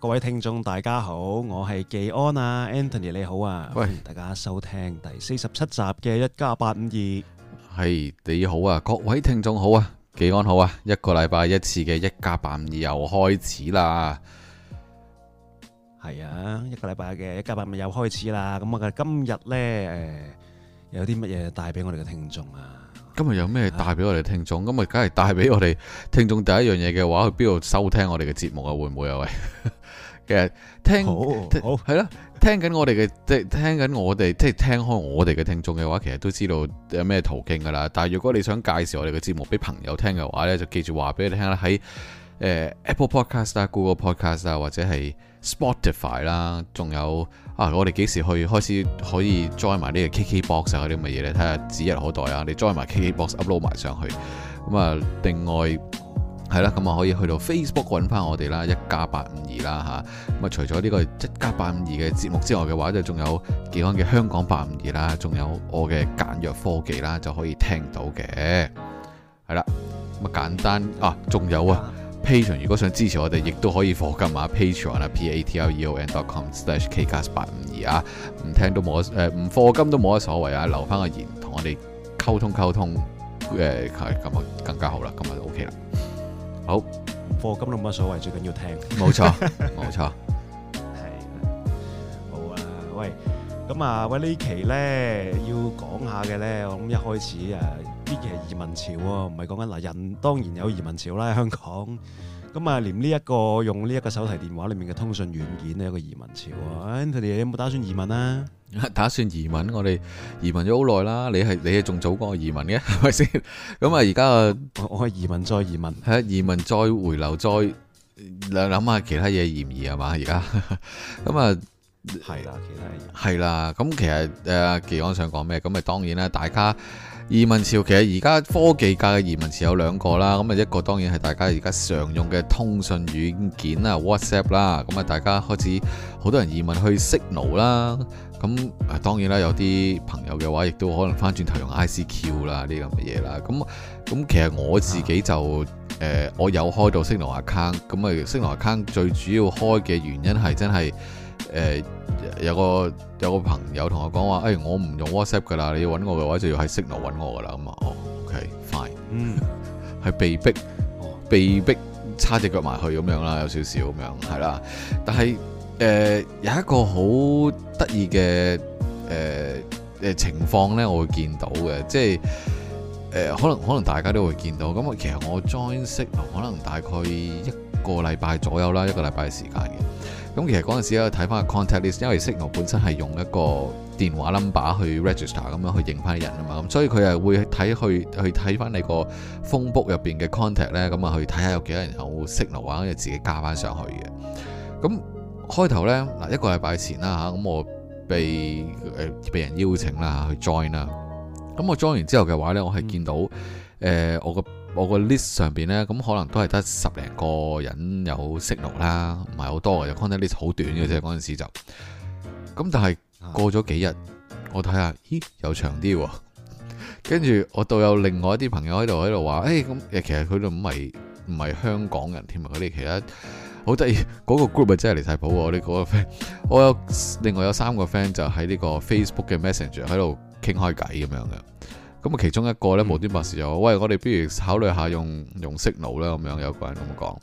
各位聽眾大家好，我係技安啊，Anthony 你好啊，歡迎大家收聽第四十七集嘅一加八五二，係你好啊，各位聽眾好啊，技安好啊，一個禮拜一次嘅一加八五二又開始啦，係啊，一個禮拜嘅一加八五二又開始啦，咁我哋今日呢，誒，有啲乜嘢帶俾我哋嘅聽眾啊？今日有咩帶俾我哋聽眾？咁啊，梗係帶俾我哋聽眾第一樣嘢嘅話，去邊度收聽我哋嘅節目啊？會唔會啊？喂， 其實聽係啦，聽緊我哋嘅，即係聽緊我哋，即係聽開我哋嘅聽眾嘅話，其實都知道有咩途徑噶啦。但係如果你想介紹我哋嘅節目俾朋友聽嘅話呢，就記住話俾你聽啦。喺、呃、Apple Podcast、Google Podcast 啊，或者係 Spotify 啦，仲有。啊！我哋幾時去開始可以 join 埋呢個 KK box 啊？嗰啲咁嘅嘢咧，睇下指日可待啊！你 join 埋 KK box upload 埋上去，咁、嗯、啊，另外係啦，咁啊、嗯、可以去到 Facebook 揾翻我哋啦，一家八五二啦吓，咁啊，嗯、除咗呢個一家八五二嘅節目之外嘅話，就仲有健康嘅香講八五二啦，仲有我嘅簡約科技啦，就可以聽到嘅。係啦，咁、嗯、啊簡單啊，仲有啊。Patron，如果想支持我哋，亦都可以課金啊，Patron 啊，P A T R E O N dot com slash K 加八五二啊，唔聽都冇誒，唔課金都冇乜所謂啊，留返個言同我哋溝通溝通誒，咁、呃、啊更加好啦，咁啊就 OK 啦。好，唔課金都冇乜所謂，最緊要聽。冇錯，冇錯。係，好啊，喂，咁啊喂，期呢期咧要講下嘅咧，我諗一開始誒、啊。啲嘅移民潮啊，唔係講緊嗱人，當然有移民潮啦，香港咁啊，連呢、這、一個用呢一個手提電話裏面嘅通訊軟件咧，有個移民潮啊，佢哋有冇打算移民啊？打算移民，我哋移民咗好耐啦，你係你係仲早過移民嘅，係咪先？咁啊，而家啊，我移民再移民，移民再回流再諗下其他嘢，移唔移係嘛？而家咁啊，係啦，其他嘢係啦，咁其實誒，技安想講咩？咁啊，當然啦，大家。移民潮其實而家科技界嘅移民潮有兩個啦，咁啊一個當然係大家而家常用嘅通訊軟件啊 WhatsApp 啦，咁啊大家開始好多人移民去 Signal 啦，咁當然啦有啲朋友嘅話亦都可能翻轉頭用 ICQ 啦呢啲咁嘅嘢啦，咁咁其實我自己就誒、啊呃、我有開到 Signal account，咁啊 Signal account 最主要開嘅原因係真係誒。呃有個有個朋友同我講話，誒、哎，我唔用 WhatsApp 噶啦，你要搵我嘅話就要喺 Signal 搵我噶啦，咁啊，哦，OK，fine，okay, 嗯，係 被逼迫，哦、被逼叉隻腳埋去咁樣啦，有少少咁樣，係啦，但係誒、呃、有一個好得意嘅誒誒情況咧，我會見到嘅，即係誒、呃、可能可能大家都會見到，咁啊，其實我 join Signal 可能大概一個禮拜左右啦，一個禮拜時間嘅。咁其實嗰陣時咧，睇翻個 contact list，因為 Signal 本身係用一個電話 number 去 register 咁樣去認翻人啊嘛，咁所以佢係會睇去去睇翻你個 phone book 入邊嘅 contact 咧，咁啊去睇下有幾多人有 Signal 啊，跟住自己加翻上去嘅。咁開頭咧嗱，一個禮拜前啦嚇，咁我被誒、呃、被人邀請啦去 join 啦。咁我 join 完之後嘅話咧，我係見到誒、嗯呃、我個。我個 list 上邊咧，咁可能都係得十零個人有 Signal 啦，唔係好多嘅，contact list 好短嘅啫。嗰陣時就，咁但係過咗幾日，我睇下，咦又長啲喎、啊。跟住我度有另外一啲朋友喺度喺度話，誒咁誒其實佢哋唔係唔係香港人添啊，嗰啲其實好得意嗰個 group 啊真係離晒譜喎，呢、嗰個 friend，我有另外有三個 friend 就喺呢個 Facebook 嘅 Messenger 喺度傾開偈咁樣嘅。咁啊，其中一個咧無端白事又話，喂，我哋不如考慮下用用 signal 啦，咁樣有個人咁講。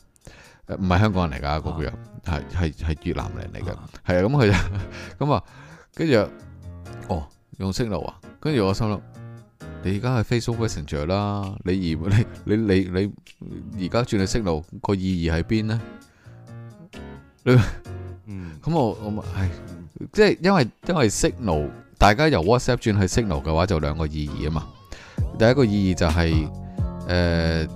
唔係香港人嚟噶，嗰個人係係係越南人嚟㗎，係啊，咁佢就咁啊，跟住，哦，用 signal 啊，跟住我心諗，你而家係 Facebook Messenger 啦，你而你你你你而家轉去 signal 個意義喺邊呢？你，嗯，咁我我咪係，即係因為因為 signal。大家由 WhatsApp 轉去 Signal 嘅話，就兩個意義啊嘛。第一個意義就係誒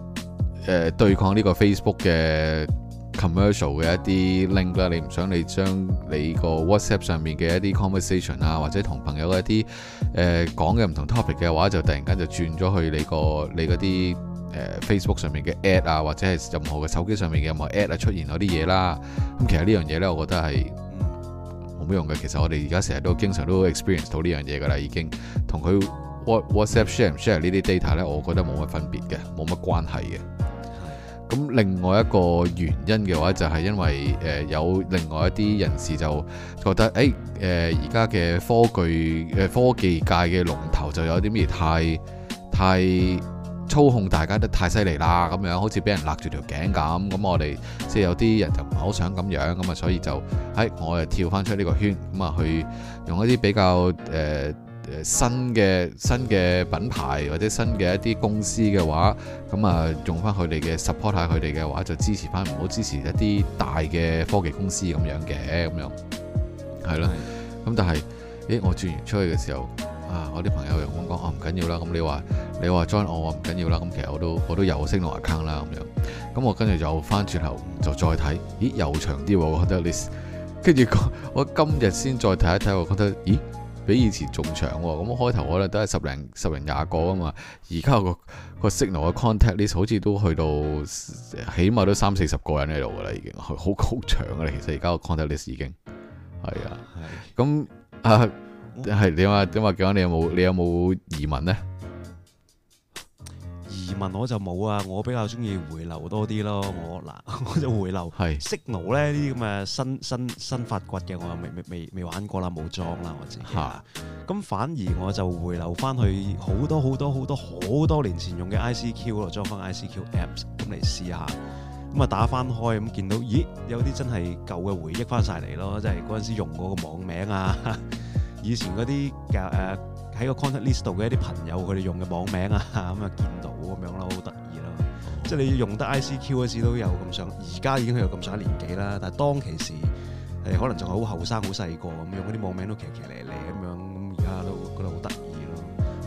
誒對抗呢個 Facebook 嘅 commercial 嘅一啲 link 啦。你唔想你將你個 WhatsApp 上面嘅一啲 conversation 啊，或者同朋友一啲誒講嘅唔同 topic 嘅話，就突然間就轉咗去你個你嗰啲 Facebook 上面嘅 ad 啊，或者係任何嘅手機上面嘅任何 ad 啊出現嗰啲嘢啦。咁其實呢樣嘢咧，我覺得係。冇用嘅，其實我哋而家成日都經常都 experience 到呢樣嘢噶啦，已經同佢 WhatsApp share 唔 share 呢啲 data 咧，我覺得冇乜分別嘅，冇乜關係嘅。咁另外一個原因嘅話，就係、是、因為誒、呃、有另外一啲人士就覺得誒誒而家嘅科技誒、呃、科技界嘅龍頭就有啲咩太太，太操控大家都太犀利啦，咁樣好似俾人勒住條頸咁，咁我哋即係有啲人就唔係好想咁樣，咁啊所以就，誒、哎，我就跳翻出呢個圈，咁啊去用一啲比較誒、呃、新嘅新嘅品牌或者新嘅一啲公司嘅話，咁啊用翻佢哋嘅 support 下佢哋嘅話，就支持翻唔好支持一啲大嘅科技公司咁樣嘅，咁樣係咯，咁但係，誒，我轉完出去嘅時候。啊！我啲朋友又咁講，我唔緊要啦。咁你話你話 join 我，我唔緊要啦。咁其實我都我都有 signal account 啦，咁樣。咁我跟住又翻轉頭，就再睇。咦，又長啲喎、啊！contact list。跟住我今日先再睇一睇，我覺得咦，比以前仲長喎、啊。咁開頭我哋都係十零十零廿個啊嘛。而家個個 signal 嘅 contact list 好似都去到，起碼都三四十個人喺度噶啦，已經好好長啊。其實而家個 contact list 已經係啊。咁的啊。係點啊？點啊！咁樣你有冇你有冇移民咧？移民我就冇啊！我比較中意回流多啲咯。我嗱我就回流，Signal 咧啲咁嘅新新新發掘嘅，我又未未未玩過啦，冇裝啦我自己。咁是反而我就回流翻去好多好多好多好多年前用嘅 ICQ 咯，裝翻 ICQ Apps 咁嚟試下。咁啊打翻開咁見到，咦有啲真係舊嘅回憶翻晒嚟咯，即係嗰陣時用過嘅網名啊～ 以前嗰啲誒喺、啊、個 contact list 度嘅一啲朋友，佢哋用嘅網名啊，咁啊見到咁樣咯，好得意咯。啊 oh。即係你要用得 ICQ 嗰時都有咁上，而家已經有咁上年紀啦。但係當其時誒、欸，可能仲係好後生、好細個咁，用嗰啲網名都騎騎嚟嚟咁樣。咁而家都覺得好得意咯。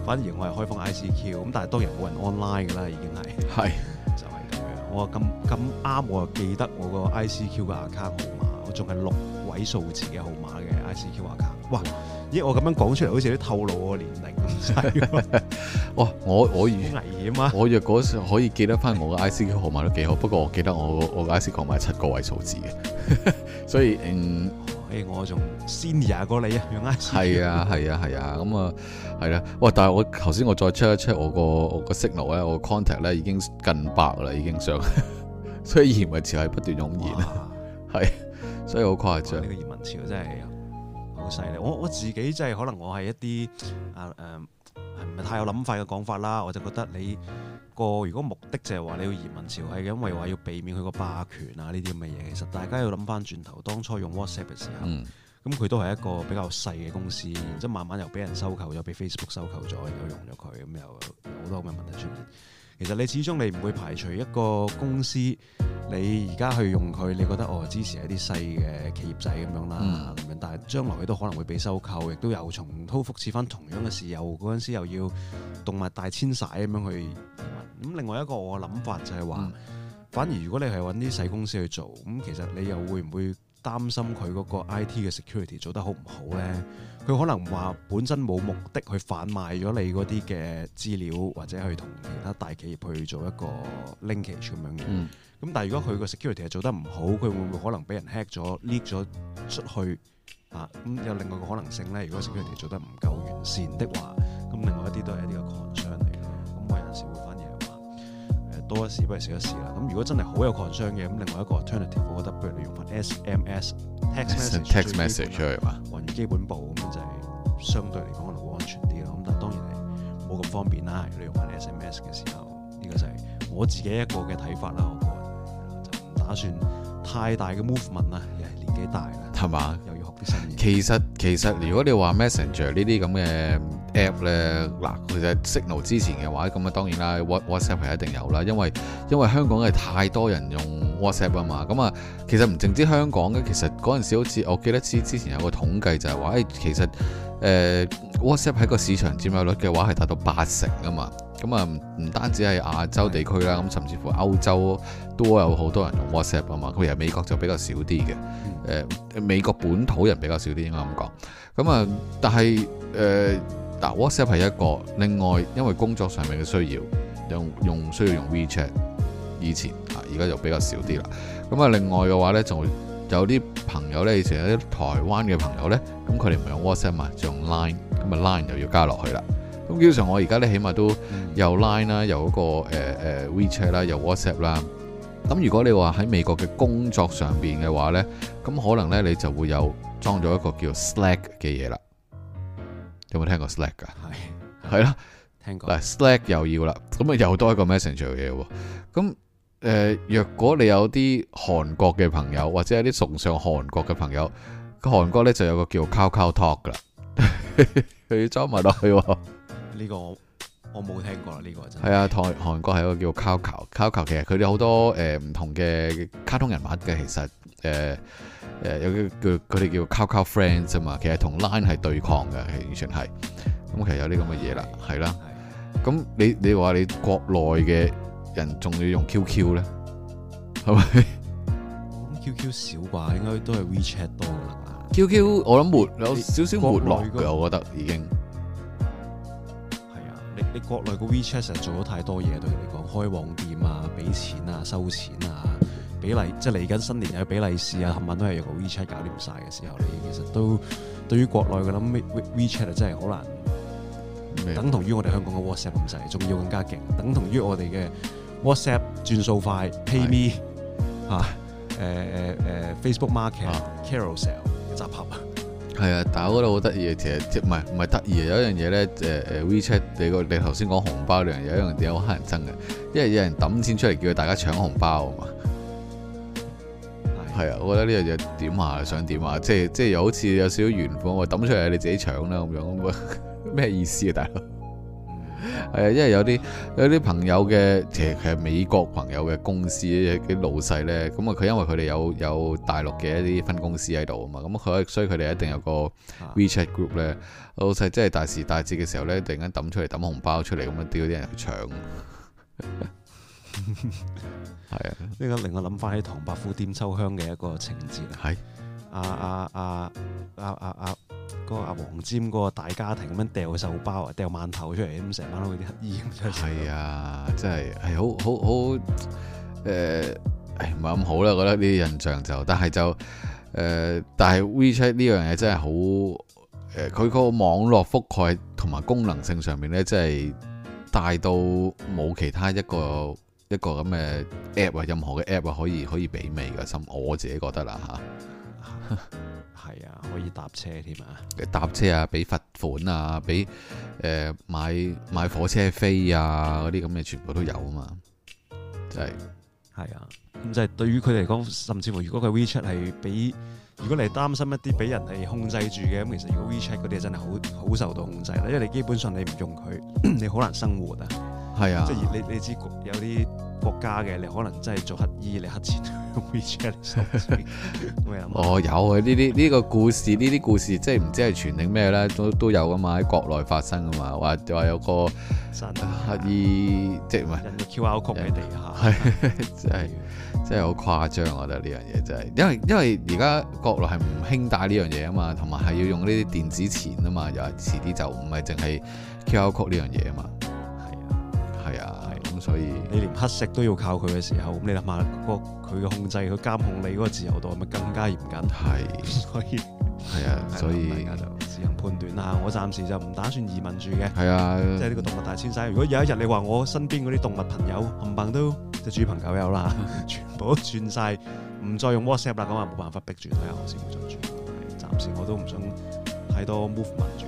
反而我係開放 ICQ，咁但係當然冇人 online 㗎啦，已經係。係。Yes. 就係咁樣。我話咁咁啱，我又記得我個 ICQ 嘅 account 號碼，我仲係六位數字嘅號碼嘅 ICQ account。哇！咦！我咁樣講出嚟好似啲透露我年齡咁 哇！我我越危險啊！我若果可以記得翻我嘅 I C Q 號碼都幾好，不過我記得我我嘅 I C Q 號碼係七個位數字嘅，所以嗯誒，我仲 senior 過你 IC 啊，用 I C Q 係啊係啊係啊！咁啊係啦、啊嗯，哇！但係我頭先我再 check 一 check 我個我個 signal 咧，我，我 contact 咧已經近百啦，已經上所以移民潮係不斷湧現，係哇所以好誇張呢、這個移民潮真係。好犀利！我我自己即係可能我係一啲啊誒，唔、呃、係太有諗法嘅講法啦？我就覺得你個如果目的就係話你要移民潮，係因為話要避免佢個霸權啊呢啲咁嘅嘢。其實大家要諗翻轉頭，當初用 WhatsApp 嘅時候，咁佢、嗯、都係一個比較細嘅公司，即係慢慢又俾人收購咗，俾 Facebook 收購咗，又用咗佢，咁又好多咁嘅問題出現。其實你始終你唔會排除一個公司，你而家去用佢，你覺得我、哦、支持一啲細嘅企業仔咁樣啦，咁樣、嗯，但係將來佢都可能會被收購，亦都有重蹈覆轍翻同樣嘅事，又嗰陣時又要動物大遷徙咁樣去。咁另外一個我嘅諗法就係話，嗯、反而如果你係揾啲細公司去做，咁其實你又會唔會？擔心佢嗰個 IT 嘅 security 做得好唔好咧？佢可能話本身冇目的去販賣咗你嗰啲嘅資料，或者去同其他大企業去做一個 linkage 咁樣嘅。咁、嗯、但係如果佢個 security 係做得唔好，佢會唔會可能俾人 hack 咗、leak 咗出去啊？咁有另外一個可能性咧，如果 security 做得唔夠完善的話，咁另外一啲都係一啲嘅 concern 嚟嘅。咁我有時會反。多一事不如少一事啦。咁如果真係好有 concern 嘅，咁另外一個 alternative，我覺得不如你用返 SMS text message，還原基本步咁就係相對嚟講可能會安全啲咯。咁但係當然係冇咁方便啦。你用返 SMS 嘅時候，呢個就係我自己一個嘅睇法啦。我個人就唔打算太大嘅 movement 啦。又係年紀大啦，係嘛？又要學啲新嘢。其實其實如果你話 messenger 呢啲咁對嘅。這 app 咧嗱，其實 Signal 之前嘅話，咁啊當然啦，WhatsApp 係一定有啦，因為因為香港係太多人用 WhatsApp 啊嘛，咁啊其實唔淨止香港嘅，其實嗰陣時好似我記得之之前有個統計就係話，誒、欸、其實誒、呃、WhatsApp 喺個市場佔有率嘅話係達到八成啊嘛，咁啊唔唔單止係亞洲地區啦，咁的甚至乎歐洲都有好多人用 WhatsApp 啊嘛，佢而美國就比較少啲嘅，誒、呃、美國本土人比較少啲應該咁講，咁啊但係誒。呃但 WhatsApp 係一個另外，因為工作上面嘅需要，用用需要用 WeChat。以前啊，而家就比較少啲啦。咁啊，另外嘅話呢，就有啲朋友呢，以前有啲台灣嘅朋友呢，咁佢哋唔用 WhatsApp 嘛，就用 Line，咁啊 Line 就要加落去啦。咁基本上我而家呢，起碼都有 Line 啦，有一個 WeChat 啦，呃、WeChat，有 WhatsApp 啦。咁如果你話喺美國嘅工作上面嘅話呢，咁可能呢，你就會有裝咗一個叫 Slack 嘅嘢啦。有冇聽過 Slack 㗎？係係啦，啊、聽過。嗱，Slack 又要啦，咁啊又多一個 message 嘅嘢咁誒、呃，若果你有啲韓國嘅朋友，或者有啲崇尚韓國嘅朋友，韓國咧就有個叫 Kakao Talk 㗎。佢 裝埋落去喎。呢個我冇聽過啦，呢、這個就係。係啊，韓韓國係一個叫 Kakao，Kakao 其實佢哋好多誒唔、呃、同嘅卡通人物嘅，其實誒。呃誒、yeah, 有啲叫佢哋叫 Kakao friends 啊嘛，其實同 Line 係對抗嘅，完全係。咁其實有啲咁嘅嘢啦，係啦。咁你你話你國內嘅人仲要用 QQ 咧，係咪的？咁 QQ 少啩，應該都係 WeChat 多啦。QQ Q,、嗯、我諗沒，你有少少沒落嘅，我覺得已經。係啊，你你國內個 WeChat 成日做咗太多嘢對你嚟講，開網店啊、俾錢啊、收錢啊。比例即係嚟緊新年有比利是啊，冚唪唥都係用 WeChat 搞掂晒嘅時候，你其實都對於國內嘅諗 WeChat 真係好難么等同於我哋香港嘅 WhatsApp 咁滯，仲要更加勁，等同於我哋嘅 WhatsApp 轉數快，PayMe 是啊，誒誒誒 Facebook Market、啊、Carousel 集合啊，係啊，但我覺得好得意其實唔係唔係得意有一樣嘢咧，誒誒 WeChat 你個你頭先講紅包量，有一樣嘢好乞人憎嘅，因為有人抌錢出嚟叫大家搶紅包啊嘛。係啊，我覺得呢樣嘢點啊，想點啊，即係即係又好似有少少玄乎，抌出嚟，你自己搶啦咁樣，咁啊咩意思啊，大佬？係啊，因為有啲有啲朋友嘅，其實其實美國朋友嘅公司啲老細呢。咁啊佢因為佢哋有有大陸嘅一啲分公司喺度啊嘛，咁佢，所以佢哋一定有個 WeChat group 呢。老細即係大時大節嘅時候呢，突然間抌出嚟抌紅包出嚟咁樣，丟啲人去搶。係 啊，呢個令我諗翻起唐伯虎點秋香嘅一個情節，係阿阿阿阿阿阿個阿黃占個大家庭咁樣掉個手包啊，掉饅頭出嚟咁，成班攞啲乞衣咁，係啊，真係係、呃、好好好誒，唔係咁好啦，我覺得呢啲印象就，但係就誒、呃，但係 WeChat 呢樣嘢真係好誒，佢、呃、個網絡覆蓋同埋功能性上面咧，真係大到冇其他一個。一個咁嘅 app 啊，任何嘅 app 啊，可以可以媲美嘅心，我自己覺得啦吓，係啊， 啊，可以搭車添啊，搭車啊，俾罰款啊，俾誒、呃、買買火車飛啊，嗰啲咁嘅全部都有啊嘛，就係、是、係啊，咁就係對於佢嚟講，甚至乎如果佢 WeChat 係俾，如果你擔心一啲俾人係控制住嘅，咁其實如果 WeChat 嗰啲真係好好受到控制啦，因為你基本上你唔用佢， 你好難生活啊。係啊，即係你你知國有啲國家嘅，你可能真係做乞衣你乞錢用 WeChat 收錢， 哦，有啊，呢啲呢個故事，呢啲 故事即係唔知係傳定咩咧，都都有啊嘛，喺國內發生啊嘛，話話有個乞的衣，即係唔係人哋 Q R code 喺是地下，係 真係真係好誇張，我覺得呢樣嘢真係，因為因為而家國內係唔興帶呢樣嘢啊嘛，同埋係要用呢啲電子錢啊嘛，又係遲啲就唔係淨係 Q R code 呢樣嘢啊嘛。所以你連黑色都要靠佢嘅時候，咁你諗下個佢嘅控制、佢監控你個自由度，咪更加嚴謹，係是， 所以係啊，所以而家就自行判斷啦。我暫時就唔打算移民住嘅。係啊，即係呢個動物大遷徙。如果有一日你話我身邊啲動物朋友冚唪唥都即係豬朋狗友啦，全部都轉晒，唔 再用 WhatsApp 啦，咁啊冇辦法逼住啦。我先唔再住，暫時我都唔想太多 move 慢住。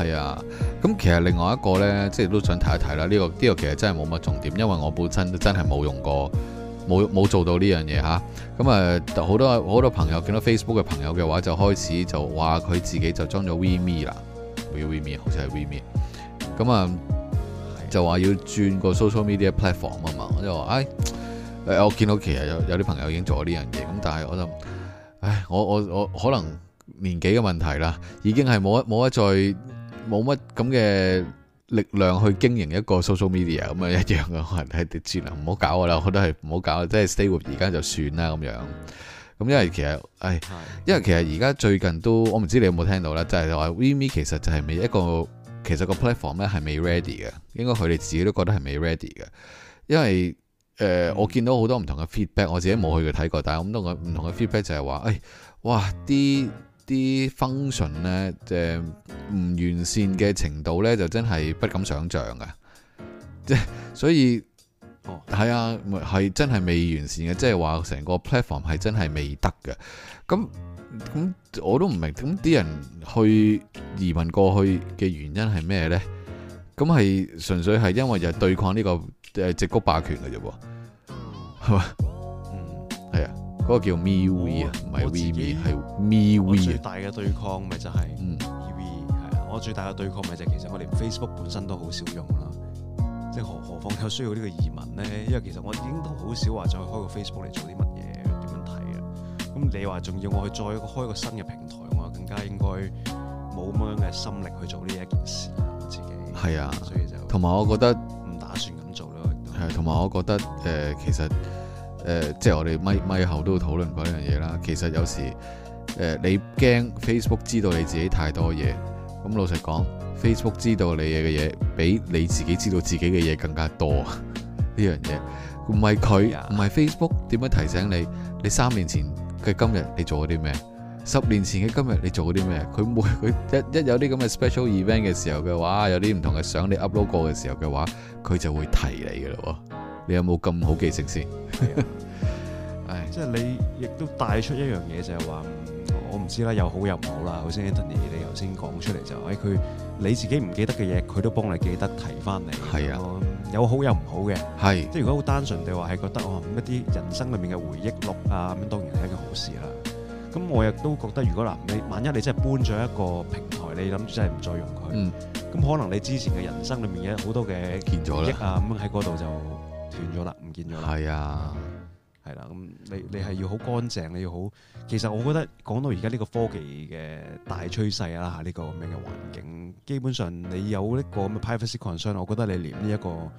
係啊，咁其實另外一個呢，即係都想睇一睇啦。呢個呢個其實真係冇乜重點，因為我本身真係冇用過，冇冇做到呢樣嘢吓。咁啊，好多好多朋友見到 Facebook 嘅朋友嘅話，就開始就話佢自己就裝咗 MeWe 啦 Me, MeWe 好似係 MeWe 咁啊，的就話要轉個 social media platform 啊嘛。我就話，唉，我見到其實有有啲朋友已經做咗呢樣嘢，咁但係我就，唉，我我我可能年紀嘅問題啦，已經係冇一冇一再。冇乜咁嘅力量去經營一個 social media 咁啊一樣嘅。我係睇啲直情唔好搞啊啦，我覺得係唔好搞，即係 stay with 而家就算啦咁樣。咁因為其實，唉，因為其實而家最近都我唔知你有冇聽到啦，就係話 MeWe 其實就係未一個，其實個 platform 咧係未 ready 嘅，應該佢哋自己都覺得係未 ready 嘅。因為誒，我見到好多唔同嘅 feedback，我自己冇去睇過，但係好多唔同嘅 feedback 就係話，唉，哇啲。啲 function 咧，就唔、係、完善嘅程度咧，就真係不敢想象噶。即 係所以，係、哦、啊，係真係未完善嘅，即係話成個 platform 係真係未得嘅。咁咁，我都唔明，咁啲人去移民過去嘅原因係咩咧？咁係純粹係因為就係對抗呢個誒直谷霸權嘅啫，係嘛？嗯，係啊。嗰個叫 MeWe 啊，唔係 WeMe 係 MeWe 最大嘅對抗咪就係 MeWe 係啦、嗯。我最大嘅對抗咪就係其實我連 Facebook 本身都好少用啦。即係何何況有需要呢個移民咧？因為其實我已經都好少話再開個 Facebook 嚟做啲乜嘢，點樣睇啊？咁你話仲要我去再開個新嘅平台，我更加應該冇咁樣嘅心力去做呢一件事我自己係啊，所以就同埋我覺得唔打算咁做咯。係同埋我覺得誒、呃，其實。誒，即係我哋咪麥，麥後都會討論過呢樣嘢啦。其實有時誒、呃，你驚 Facebook 知道你自己太多嘢。咁老實講 ，Facebook 知道你嘅嘢，比你自己知道自己嘅嘢更加多啊。呢樣嘢唔係佢，唔係 Facebook 點樣提醒你？你三年前嘅今日你做咗啲咩？十年前嘅今日你做咗啲咩？佢每佢一一有啲咁嘅 special event 嘅時候嘅話，有啲唔同嘅相你 upload 過嘅時候嘅話，佢就會提你噶啦。你有冇咁好記性先？嗯、啊， 唉即係你亦都帶出一樣嘢，就係、是、話我唔知啦，有好有唔好啦。好似 Anthony 你頭先講出嚟就係佢、哎、你自己唔記得嘅嘢，佢都幫你記得提翻你。係啊，有好有唔好嘅。係是即係如果好單純地話，係覺得哦，一啲人生裏面嘅回憶錄啊，咁當然係一件好事啦。咁我亦都覺得，如果嗱你萬一你真係搬咗一個平台，你諗住真係唔再用佢，咁、嗯、可能你之前嘅人生裏面嘅好多嘅記憶啊，咁喺嗰度就～斷咗啦，唔見咗。係啊，係啦，咁你你係要好乾淨，你要好。其實我覺得講到而家呢個科技嘅大趨勢啊，吓，呢個咩嘅環境，基本上你有呢個 privacy concern 我覺得你連呢一個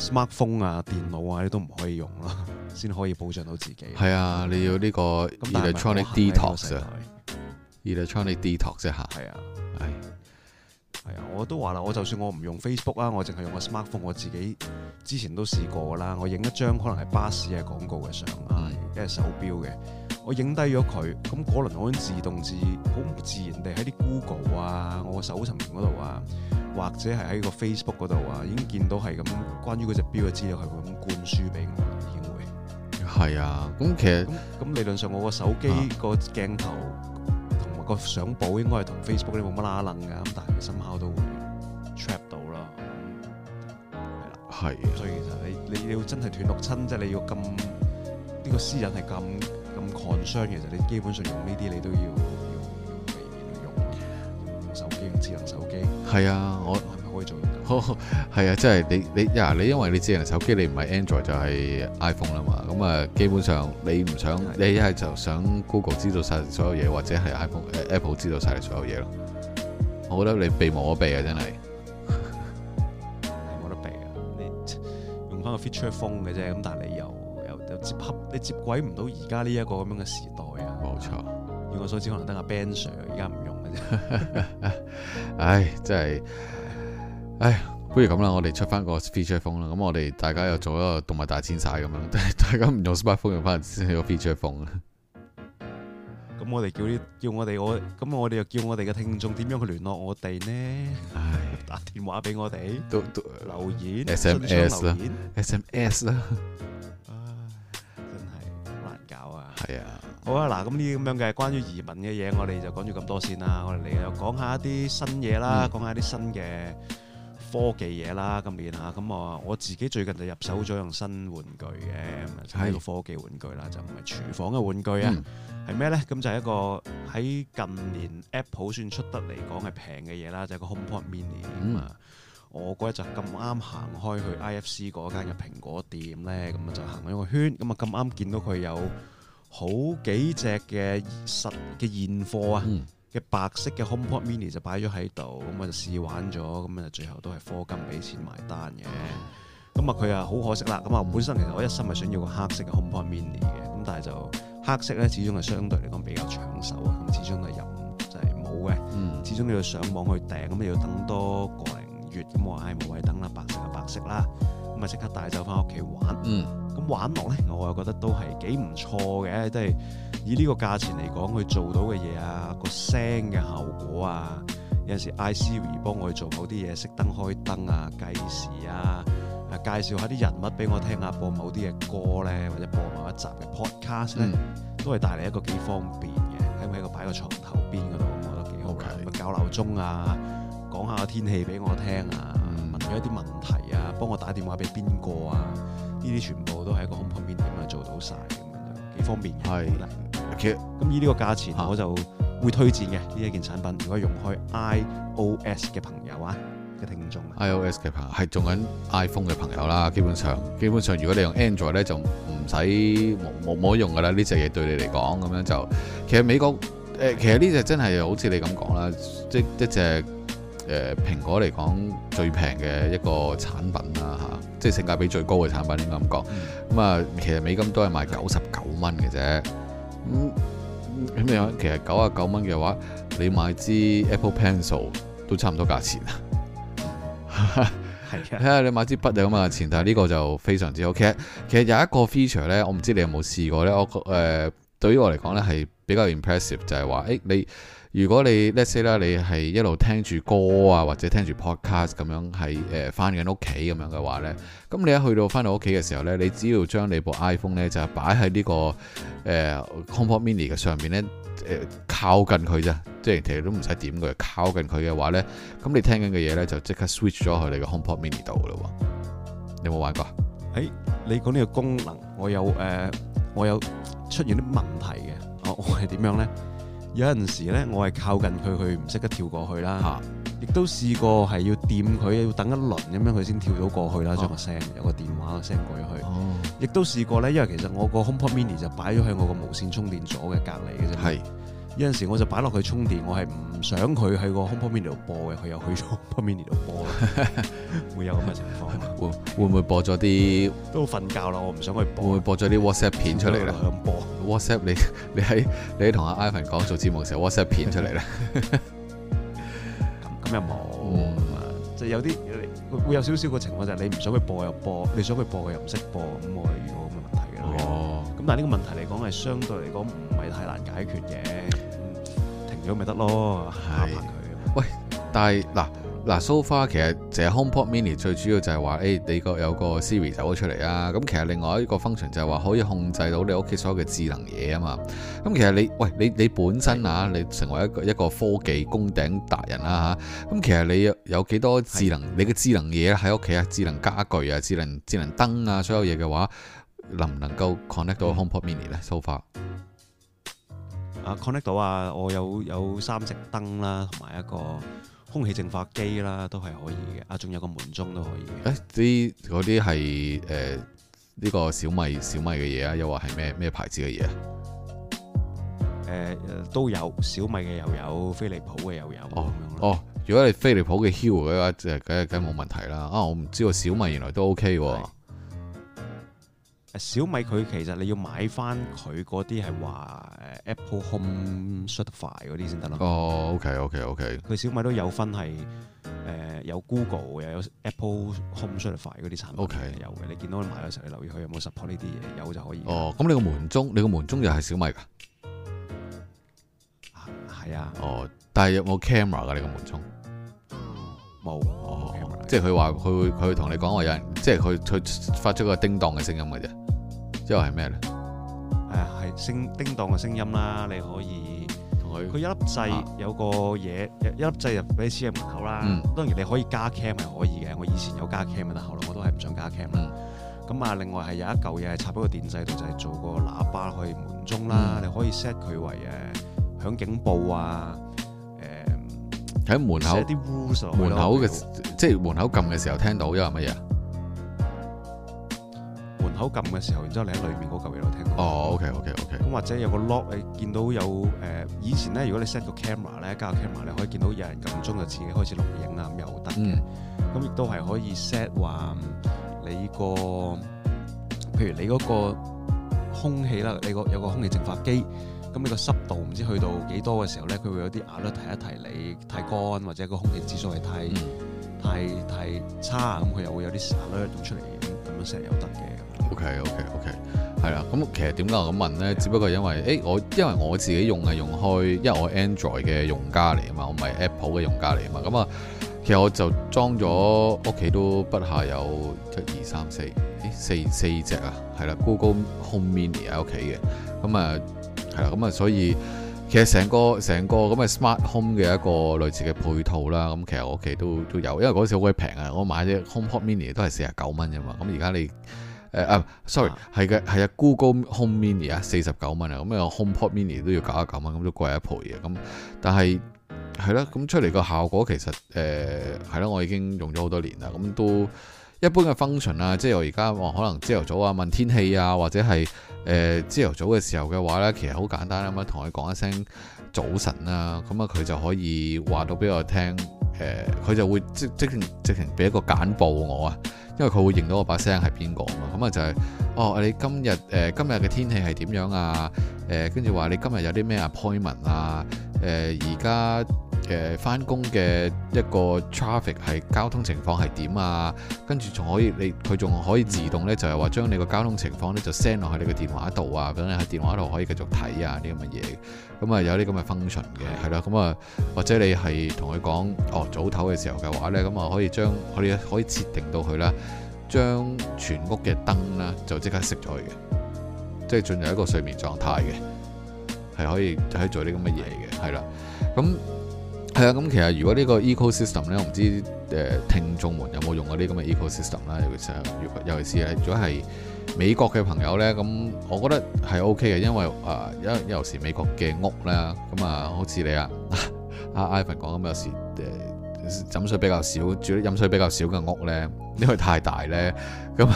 smartphone 啊、電腦啊，你都唔可以用咯，先可以保障到自己。係啊，的你要呢、這個 electronic detox electronic detox 吓，係啊，係。 係啊，我都話啦，我就算我唔用 Facebook 啊，我淨係用個 smartphone，我自己之前都試過㗎啦。我影一張可能係巴士嘅廣告嘅相啊，嗯、一隻手錶嘅，我影低咗佢，咁、那、嗰、個、輪我已經自動自好自然地喺啲 Google 啊，我個搜尋嗰度啊，或者係喺個 Facebook 嗰度啊，已經見到係咁關於嗰隻錶嘅資料係咁灌輸俾我，已經會係啊。咁其實咁理論上我個手機個、啊、鏡頭。個相簿應該係同 Facebook 嗰啲冇乜拉楞㗎，咁但係心口都會 trap 到啦，係啦。的所以其實你你要真係斷落親，即係你要咁呢、呢個私隱係咁咁 concern，其實你基本上用呢啲你都要要避免去用，用手機用智能手機。係啊，我係咪可以做？係 啊，即係你你呀，你因為你智能手機你唔係 Android 就係 iPhone 啦嘛，咁啊基本上你唔想你一係就想 Google 知道晒所有嘢，或者係 iPhone、呃、Apple 知道晒所有嘢咯。我覺得你避無可避啊，真係冇得避啊！你用翻個 feature 封嘅啫，咁但係你又又又結合你接軌唔到而家呢一個咁樣嘅時代啊。冇錯錯。以我所知可能得阿 Ben Sir 而家唔用嘅啫。唉，真係。哎，不如咁啦，我哋出翻個 feature phone 啦。咁我哋大家又做一個動物大遷徙咁樣，但係大家唔用 smart phone，用翻個 feature phone 啦。咁我哋叫啲，叫我哋我，咁我哋又叫我哋嘅聽眾點樣去聯絡我哋呢？哎，打電話俾我哋，都都留言，SMS 啦，SMS 啦。唉，真係好難搞啊。係啊。好啊，嗱，咁呢啲咁樣嘅關於移民嘅嘢，我哋就講咗咁多先啦。我哋嚟又講下一啲新嘢啦，講下一啲新嘅。科技嘢啦，今年吓，咁我我自己最近就入手咗樣新玩具嘅，就啊是，一個科技玩具啦，就唔係廚房嘅玩具啊，係咩咧？咁就一個喺近年 Apple 算出得嚟講係平嘅嘢啦，就係、個 HomePod Mini 咁啊、嗯，我嗰日就咁啱行開去 IFC 嗰間嘅蘋果店咧，咁啊就行咗一個圈，咁啊咁啱見到佢有好幾隻嘅實嘅現貨啊。嗯嘅白色嘅 HomePod Mini 就擺咗喺度，咁啊試玩咗，咁啊最後都係課金俾錢埋單嘅，咁啊佢啊好可惜啦，咁啊本身其實我一心係想要個黑色嘅 HomePod Mini 嘅，咁但係就黑色咧，始終係相對嚟講比較搶手啊，咁始終都入即係冇嘅，始終要上網去訂，咁要等多個零月，咁我唉冇位等啦，白色就白色啦，咁啊即刻帶走翻屋企玩。嗯玩樂咧，我又覺得都係幾唔錯嘅，即、就、係、是、以呢個價錢嚟講，佢做到嘅嘢啊，個聲嘅效果啊，有陣時 ICV 幫我去做某啲嘢，熄燈、開燈啊，計時啊，啊介紹下啲人物俾我聽下、啊，播某啲嘅歌咧，或者播某一集嘅 podcast 咧，嗯、都係帶嚟一個幾方便嘅，喺唔喺個擺個床頭邊嗰度，我覺得幾好嘅，校鬧 Okay 鐘啊，講下個天氣俾我聽啊，嗯、問咗一啲問題啊，幫我打電話俾邊個啊？呢啲全部都係一個 HomePod Mini 啊，做到晒咁樣，幾方便嘅，係啦。咁以呢個價錢我就會推薦嘅呢一件產品。如果用開 iOS 嘅朋友啊、嘅聽眾，iOS 嘅朋友係用緊 iPhone 嘅朋友啦。基本上基本上，如果你用 Android 咧，就唔使冇、冇、冇用㗎啦。呢隻嘢對你嚟講，咁樣就其實美國誒、呃、其實呢隻真係好似你咁講啦，即一隻。誒蘋果嚟講最平嘅一個產品啦，嚇，即係性價比最高嘅產品，點解咁講？咁啊，其實美金都係賣九十九蚊嘅啫。咁咁樣，其實九啊九蚊嘅話，你買支 Apple Pencil 都差唔多價錢哈哈啊。係啊，睇下你買支筆啊嘛，前提呢個就非常之 OK。其實有一個 feature 呢，我唔知你有冇試過呢？我誒、呃、對於我嚟講呢，係比較 impressive，就係話誒你。如果你 Let's say 啦，你係一路聽住歌啊，或者聽住 Podcast 咁樣，係誒翻緊屋企咁樣嘅話咧，咁你一去到翻到屋企嘅時候咧，你只要將你部 iPhone 咧就係擺喺呢個誒、呃、HomePod Mini 嘅上面咧誒、呃、靠近佢啫，即係其實都唔使點佢，靠近佢嘅話咧，咁你聽緊嘅嘢咧就即刻 switch 咗去你個 HomePod Mini 度咯喎。你有冇玩過？誒、欸，你講呢個功能，我有誒、呃，我有出現啲問題嘅、哦，我係點樣咧？ 有陣時咧，我係靠近佢，佢唔識得跳過去啦吓，亦都試過係要掂佢，要等一輪咁樣佢先跳到過去啦，將個聲，有個電話個聲過咗去，亦都、啊、試過咧，因為其實我個 HomePod Mini 就擺咗喺我個無線充電座嘅隔離嘅啫。有陣時我就擺落去充電，我係唔想佢喺個 HomePod mini 度播嘅，佢又去咗 HomePod mini 度播咯，會有咁嘅情況 會。會會唔會播咗啲、嗯？都瞓覺咯，我唔想去播。會、嗯、播咗啲 WhatsApp 片出嚟啊？咁播 WhatsApp，你你喺你同阿 Ivan 講做節目嘅時候 ，WhatsApp 片出嚟咧。咁又冇，就、嗯、有啲會有少少個情況，就係、是、你唔想去播又播，播，你想去播佢又唔識播，咁我。哦，咁但係呢個問題嚟講，係相對嚟講唔係太難解決嘅，停咗咪得咯，吓佢是。喂，但係嗱嗱，so far 其實淨係 HomePod Mini 最主要就係話誒，你個有個 Siri 走咗出嚟啊。咁其實另外一個 function 就係話可以控制到你屋企所有嘅智能嘢啊嘛。咁其實你喂你你本身啊，的你成為一個一個科技峰頂達人啦、啊、吓。咁其實你有有幾多智能？的你嘅智能嘢喺屋企啊，智能家居啊，智能智能燈啊，所有嘢嘅話。能唔能夠 connect 到 HomePod Mini 咧？收發啊，connect 到啊，我有有三隻燈啦，同埋一個空氣淨化機啦，都係可以嘅。啊，仲有個門鐘都可以嘅。誒、欸，啲啲係誒呢個小米小米嘅嘢啊，又話係咩咩牌子嘅嘢、啊？誒、呃、都有小米嘅，又有飛利浦嘅，又有。又有哦，哦，如果你飛利浦嘅 Hue 嘅話，就梗係梗冇問題啦。啊，我唔知喎，小米原來都 OK 喎。小米佢其實你要買翻佢嗰啲係話 Apple Home Shutterify 嗰啲先得咯。哦，OK，OK，OK。佢、okay, okay, 小米都有分係誒有 Google 嘅，有，有 Apple Home Shutterify 嗰啲產品有 OK，有嘅。你見到買嘅時候，你留意佢有冇 support 呢啲嘢，有就可以。哦，咁你個門鐘你個門鐘又係小米㗎？係啊。啊哦，但係有冇 camera 㗎？你個門鐘？冇、嗯。哦，的即係佢話佢會佢會同你講話有人，即係佢佢發出個叮當嘅聲音嘅啫。之後係咩咧？誒係、啊、聲叮噹嘅聲音啦，你可以同佢佢一粒掣、啊、有個嘢，一粒掣入俾你黐喺門口啦。嗯、當然你可以加 cam 係可以嘅，我以前有加 cam，但後來我都係唔想加 cam 啦。咁啊、嗯，另外係有一嚿嘢係插喺個電掣度，就係、是、做個喇叭去以門鐘啦。嗯、你可以 set 佢為誒響警報啊，誒、呃、喺門口寫啲 rules 落去咯。門口嘅即係門口撳嘅時候聽到，因為乜嘢？口撳嘅時候，然之後你喺裏面嗰嚿嘢度聽到哦，OK，OK，OK。咁、oh, okay, okay, okay. 或者有個 lock，你見到有誒、呃，以前咧如果你 set 個 camera 咧加個 camera，你可以見到有人撳鍾就自己開始錄影啊，咁又得嘅。咁亦、嗯、都係可以 set 話你個，譬如你嗰個空氣啦，你個有個空氣淨化機，咁你個濕度唔知去到幾多嘅時候咧，佢會有啲 alert 提一提你太乾或者個空氣指數係太、嗯、太太差，咁佢又會有啲 alert 出嚟，咁樣 set 又得嘅。O K O K O K，係啦，咁、okay, okay, okay. 其實點解我咁問咧？只不過因為，誒、欸，我因為我自己用係用開，因為我 Android 嘅用家嚟啊嘛，我唔係 Apple 嘅用家嚟啊嘛，咁啊，其實我就裝咗屋企都不下有一二三四，誒四四隻啊，係啦，Google Home Mini 喺屋企嘅，咁啊係啦，咁啊，所以其實成個成個咁嘅 Smart Home 嘅一個類似嘅配套啦，咁其實我屋企都都有，因為嗰時好鬼平啊，我買隻 HomePod Mini 都係四十九蚊啫嘛，咁而家你。誒啊、uh，sorry，係嘅，係啊，Google Home Mini 啊，四十九蚊啊，咁啊 HomePod Mini 都要九啊九蚊，咁都貴一倍嘅，咁但係係啦，咁出嚟個效果其實誒係啦，我已經用咗好多年啦，咁都一般嘅 function 啊，即係我而家話可能朝頭早啊問天氣啊，或者係誒朝頭早嘅時候嘅話呢，其實好簡單啦，咁啊同佢講一聲早晨啊，咁啊佢就可以話到俾我聽。誒佢、呃、就會即即直情俾一個簡報我啊，因為佢會認到我把聲係邊個啊，嘛、就係。咁啊就係哦你今日誒、呃、今日嘅天氣係點樣啊？誒跟住話你今日有啲咩 appointment 啊？誒而家誒返工嘅一個 traffic 係交通情況係點啊？跟住仲可以你佢仲可以自動咧就係話將你個交通情況咧就 send 落去你個電話度啊，咁你喺電話度可以繼續睇啊啲咁嘅嘢。咁啊，有啲咁嘅 function 嘅，係啦，咁啊，或者你係同佢講，哦早唞嘅時候嘅話咧，咁啊可以將可以可以設定到佢啦，將全屋嘅燈啦就即刻熄咗佢嘅，即係進入一個睡眠狀態嘅，係可以就可以做啲咁嘅嘢嘅，係啦，咁。係啊，咁其實如果呢個 ecosystem 咧，我唔知誒聽眾們有冇用過啲咁嘅 ecosystem 啦，尤其是，尤其是係如果係美國嘅朋友咧，咁我覺得係 OK 嘅，因為啊，因有時美國嘅屋咧，咁啊，好似你啊，阿 Ivan 講咁，有時誒飲水比較少，住啲飲水比較少嘅屋咧，因為太大咧，咁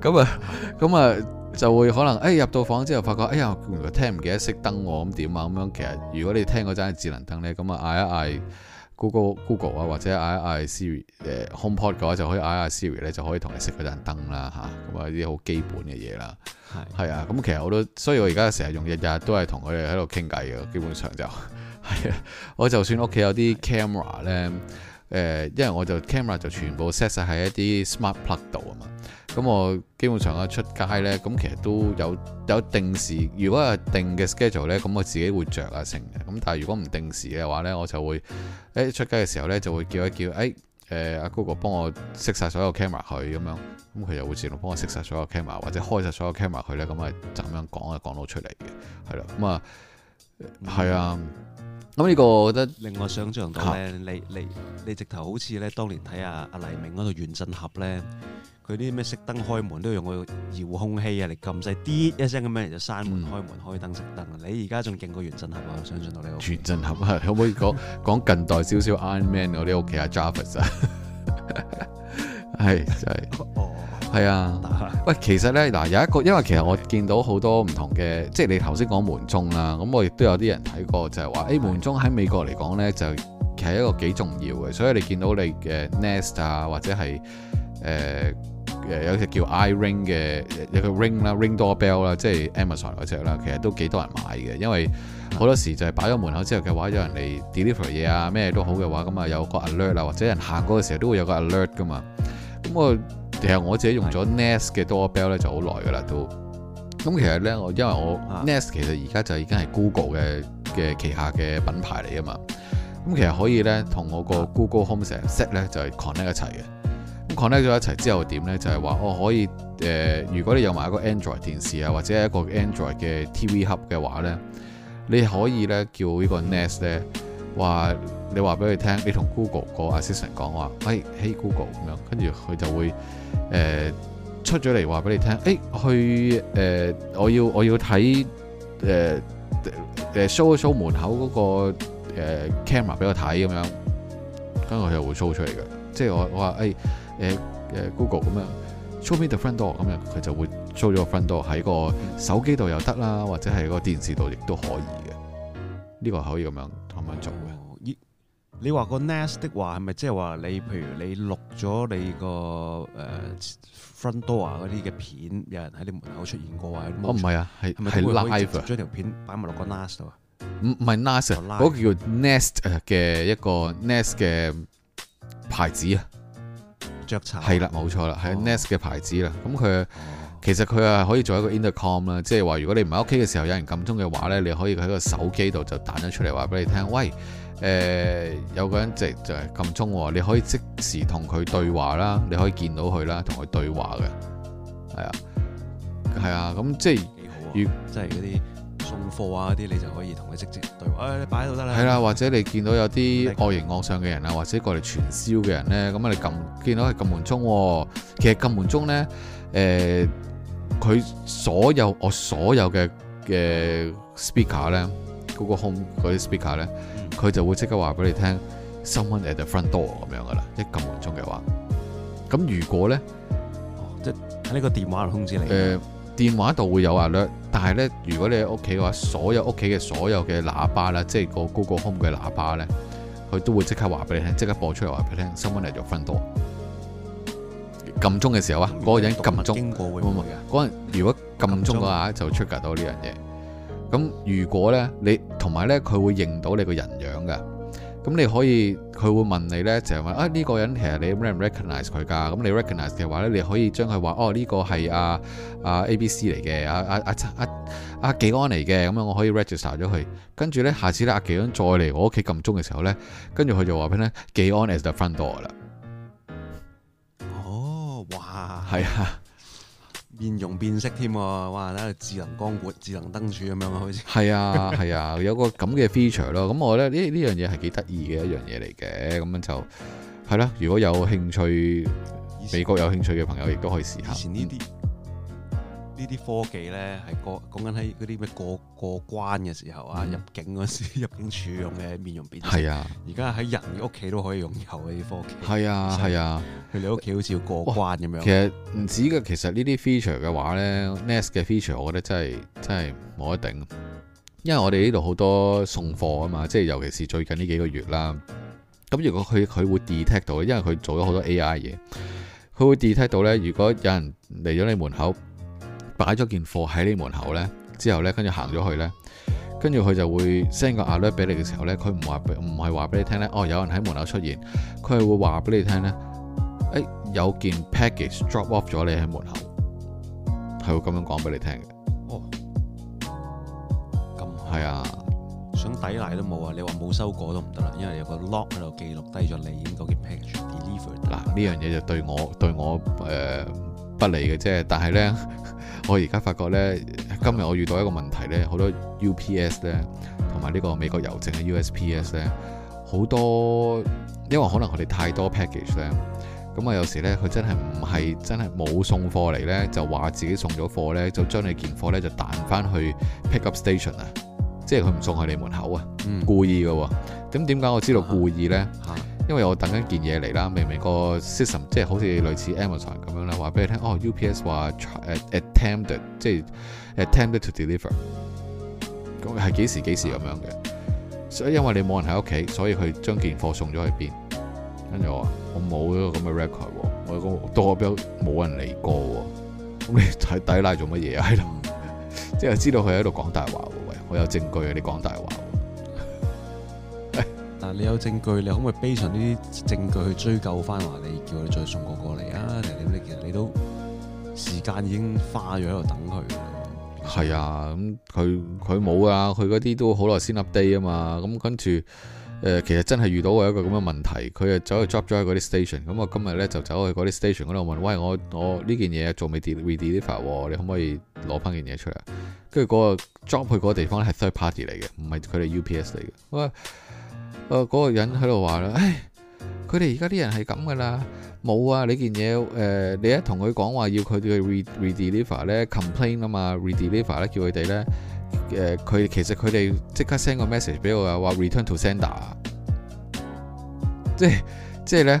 咁啊，咁啊。這就會可能，哎入到房之後，發覺，哎呀，原來聽唔記得熄燈喎，咁點啊？咁、嗯、樣、啊嗯、其實，如果你聽嗰陣係智能燈呢，咁啊嗌一嗌 Google Google 啊，或者嗌一嗌 Siri 誒、eh, HomePod 嘅話，就可以嗌一嗌 Siri 咧，就可以同你熄嗰盞燈啦嚇。咁啊，啲好基本嘅嘢啦，係啊的。咁其實我都，所以我而家成日用日日都係同佢哋喺度傾偈嘅，基本上就係啊。 我就算屋企有啲 camera 咧。的誒，因為我就 camera 就全部 set 晒喺一啲 smart plug 度啊嘛，咁我基本上我出街咧，咁其實都有有定時，如果係定嘅 schedule 咧，咁我自己會着啊成嘅，咁但係如果唔定時嘅話咧，我就會誒、欸、出街嘅時候咧就會叫一叫，誒、欸，誒、呃、阿 Google 幫我熄晒所有 camera 佢咁樣，咁佢就會自動幫我熄晒所有 camera 或者開晒所有 camera 佢咧，咁啊就咁樣講啊講到出嚟嘅，係啦，啊，係啊、嗯。咁呢個，我覺得另外想象到咧卡，你你你直頭好似咧，當年睇阿阿黎明嗰套《原振俠》咧，佢啲咩熄燈開門都要用個遙控器啊，你撳細啲一聲咁樣嚟就閂門開門，嗯、開門開燈熄燈你而家仲勁過原振俠啊！我相信到你。原振俠係可唔可以講講近代少少 Iron Man 我哋屋企阿 Jarvis, 啊？ 係，就係、是，係啊。喂，其實咧嗱，有一個，因為其實我見到好多唔同嘅，是的即係你頭先講門鐘啦。咁我亦都有啲人睇過在說，就係話，誒門鐘喺美國嚟講咧，就係一個幾重要嘅。所以你見到你嘅 Nest 啊，或者係誒誒有隻叫 iRing 嘅，有，個 ring, 的有個 ring 啦，Ring doorbell 啦、啊，即係 Amazon 嗰隻啦，其實都幾多人買嘅，因為好多時就係擺咗門口之後嘅話，有人嚟 deliver 嘢啊，咩都好嘅話，咁啊有個 alert 啊，或者人行過嘅時候都會有個 alert 㗎嘛。咁我其實我自己用咗 Nest 嘅 doorbell 咧就好耐噶啦都，咁其實咧我因為我 Nest 其實而家就已經係 Google 嘅嘅旗下嘅品牌嚟啊嘛，咁其實可以咧同我個 Google Home Set 咧就係、是、connect 一齊嘅，咁 connect 咗一齊之後點咧就係、是、話我可以誒、呃、如果你有埋一個 Android 電視啊或者一個 Android 嘅 TV 盒嘅話咧，你可以咧叫個呢個 Nest 咧話。你話俾佢聽，你同 Google 個 assistant 講話，哎，喺、hey、Google 咁樣，跟住佢就會誒、呃、出咗嚟話俾你聽，誒、哎，去誒、呃、我要我要睇誒誒 show 一 show 門口、嗰個誒、呃、camera 俾我睇咁樣，跟住佢就會 show 出嚟嘅。即係我我話誒誒誒 Google 咁樣，show me the front door 咁樣，佢就會 show 咗個 front door 喺個手機度又得啦，或者係個電視度亦都可以嘅。呢、呢個可以咁樣咁樣做嘅。你話個 nest 的話係咪即係話你？譬如你錄咗你個誒 front door 啊嗰啲嘅片，有人喺你門口出現過 Motion，啊？哦是，唔係啊，係係 live 將條片擺埋落個 nest 度啊？唔唔係 nest 嗰個叫 nest 嘅一個 nest 嘅牌子啊，雀巢係啦，冇錯啦，係 nest 嘅牌子啦。咁佢、oh. 其實佢啊可以做一個 intercom 啦，即係話如果你唔喺屋企嘅時候，有人撳鍾嘅話咧，你可以喺個手機度就彈咗出嚟話俾你聽，喂！誒、呃、有個人直就係撳鐘喎，你可以即時同佢對話啦，你可以見到佢啦，同佢對話嘅，係啊，係啊，咁即係，好啊、果即係嗰啲送貨啊啲，你就可以同佢即時對話，哎、你擺喺度得啦。係啦、啊，或者你見到有啲外形惡相嘅人啊，或者過嚟傳銷嘅人咧，咁你撳見到佢撳門鐘，其實撳門鐘咧，誒、呃、佢所有我、哦、所有嘅嘅、呃、speaker 咧，嗰、那個 home 嗰啲 speaker 咧。佢就會即刻話俾你聽，someone at the front door 咁樣噶啦、哦，即係撳鐘嘅話。咁如果咧，即係喺呢個電話度通知你。誒、呃，電話度會有啊，但係咧，如果你喺屋企嘅話，所有屋企嘅所有嘅喇叭啦，即係個 Google Home 嘅喇叭咧，佢都會即刻話俾你聽，即刻播出嚟話俾你聽，someone at the front door。撳鐘嘅時候啊，嗰個人撳鐘，唔唔，嗰陣如果撳鐘嗰下就 trigger 到呢樣嘢。咁如果咧，你同埋咧，佢會認到你個人樣嘅。咁你可以，佢會問你咧，就係、是、話啊呢、這個人其實你唔係唔 recognise 佢噶。咁、嗯嗯嗯、你 recognise 嘅話咧，你可以將佢話哦呢、這個係啊啊 A B C 嚟嘅，啊啊啊啊啊技安嚟嘅。咁、嗯、樣我可以 register 咗佢。跟住咧，下次咧阿技安再嚟我屋企撳鐘嘅時候咧，跟住佢就話俾咧技安 as the front door 啦。哦，哇，係啊。變容變色添喎，哇！睇下智能光管、智能燈柱咁樣 啊，好似係啊，係啊，有個咁嘅 feature 咯。咁我覺得呢呢樣嘢係幾得意嘅一樣嘢嚟嘅。咁樣就係啦、啊，如果有興趣、前美國有興趣嘅朋友，亦都可以試下。呢啲科技呢，係過講緊喺嗰啲咩過過關嘅時候啊，嗯、入境嗰時入境處用嘅面容辨識。係啊，而家喺人屋企都可以用到呢啲科技。係啊，係啊，去你屋企好似要過關咁樣。其實唔止嘅，其實呢啲 feature 嘅話呢，Nest 嘅 feature，我覺得真係真係冇得頂。因為我哋呢度好多送貨啊嘛，即係尤其是最近呢幾個月啦。咁如果佢佢會 detect 到，因為佢做咗好多 AI 嘢，佢會 detect 到呢，如果有人嚟咗你門口。擺咗件貨喺你門口咧，之後咧，跟住行咗去咧，跟住佢就會 send 個 alert 俾你嘅時候咧，佢唔話，唔係話俾你聽咧，哦，有人喺門口出現，佢係會話俾你聽咧，誒、哎，有件 package drop off 咗你喺門口，係會咁樣講俾你聽嘅。哦，咁係啊，想抵賴都冇啊，你話冇收過都唔得啦，因為有個 lock 喺度記錄低咗你已嗰 pack 件 package delivered。嗱，呢樣嘢就對我對我誒。呃不嚟嘅啫，但係咧，我而家發覺咧，今日我遇到一個問題咧，好多 UPS 咧，同埋呢個美國郵政嘅 USPS 咧，好多因為可能佢哋太多 package 咧，咁啊，有時咧佢真係唔係真係冇送貨嚟咧，就話自己送咗貨咧，就將你件貨咧就彈翻去 pickup station 啊，即係佢唔送去你門口啊，嗯、故意嘅喎、啊。咁點解我知道故意咧？嗯嗯因為我等緊件嘢嚟啦，明明個 system 即係好似類似 Amazon 咁樣啦，話俾你聽哦，UPS 話 attempted 即係 attempted to deliver，咁係幾時幾時咁樣嘅，所以因為你冇人喺屋企，所以佢將件貨送咗去邊？跟住我話我冇呢個咁嘅 record，我個 d o 冇人嚟過，咁你睇抵賴做乜嘢啊？喺度即係知道佢喺度講大話喎，喂，我有證據嘅，你講大話。你有證據，你可唔可以備上啲證據去追究翻？話你叫我哋再送個過嚟啊？你都時間已經花咗喺度等佢。係啊，咁佢佢冇啊，佢嗰啲都好耐先 update 啊嘛。咁跟住誒，其實真係遇到一個咁嘅問題，佢就走去 drop 咗喺嗰啲 station、嗯。咁我今日咧就走去嗰啲 station 嗰度問，喂，我我呢件嘢仲未 de deliver、啊、你可唔可以攞翻件嘢出嚟？跟住嗰個 drop 去嗰個地方咧係 third party 嚟嘅，唔係佢哋 U P S 嚟嘅。誒嗰、呃嗰個人喺度話啦，誒佢哋而家啲人係咁噶啦，冇啊！你件嘢誒、呃，你一同佢講話要佢哋去 re redeliver 咧，complain 啊嘛 redeliver 咧叫佢哋咧誒，佢、呃、其實佢哋、er、即刻 send 個 message 俾我啊，話 return to sender，即係即係咧。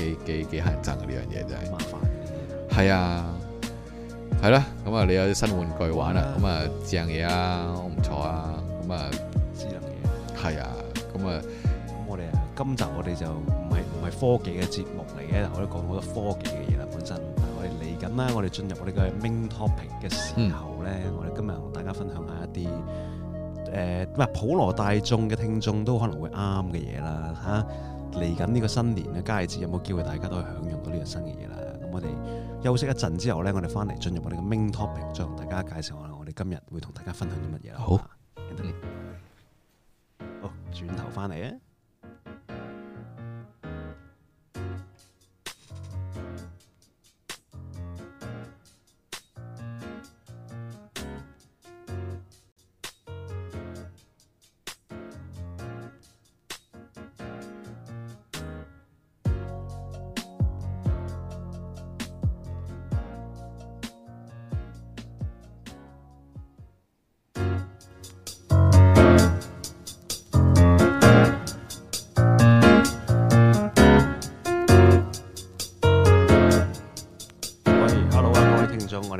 幾幾幾難憎啊！呢樣嘢真係麻煩，係啊，係啦，嗯。咁啊，你有啲新玩具玩啦。咁啊，智能嘢啊，好唔錯啊。咁就啊，智能嘢。係啊。咁啊，咁我哋啊，今集我哋就唔係唔係科技嘅節目嚟嘅。嗱，我都講好多科技嘅嘢啦。本身，我哋嚟緊啦。我哋進入我哋嘅 main topic 嘅時候咧，嗯、我哋今日同大家分享一下一啲誒，唔、呃、係普羅大眾嘅聽眾都可能會啱嘅嘢啦，吓、啊。嚟緊呢個新年嘅佳節，有冇機會大家都去享用到呢樣新嘅嘢啦？咁我哋休息一陣之後呢，我哋翻嚟進入我哋嘅 main topic，再同大家介紹下我哋今日會同大家分享啲乜嘢啦。好好，轉頭翻嚟啊！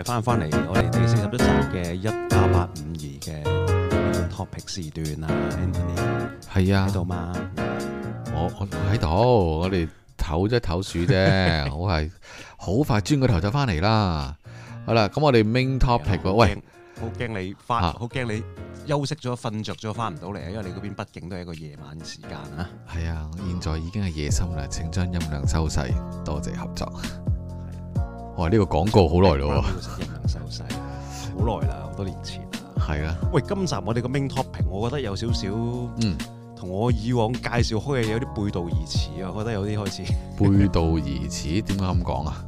翻返嚟我哋第四十七集嘅一家八五二嘅 topic 時段啊 Anthony 係啊喺度嘛？我 我喺度， 我哋唞一唞暑啫，我係好快轉個頭就翻嚟啦。 好啦，咁我哋 main topic 喂，好驚你翻，好驚、啊、你休息咗、瞓着咗翻唔到嚟啊，因為你嗰邊畢竟都係一個夜晚時間啊。係啊，我現在已經係夜深啦，請將音量收細，多謝合作。哇！呢個廣告好耐咯喎，好耐啦，好多年前啦。係啊，喂，今集我哋個 main topic，我覺得有少少，嗯，同我以往介紹開嘅嘢有啲背道而馳啊，我覺得有啲開始背道而馳。點解咁講啊？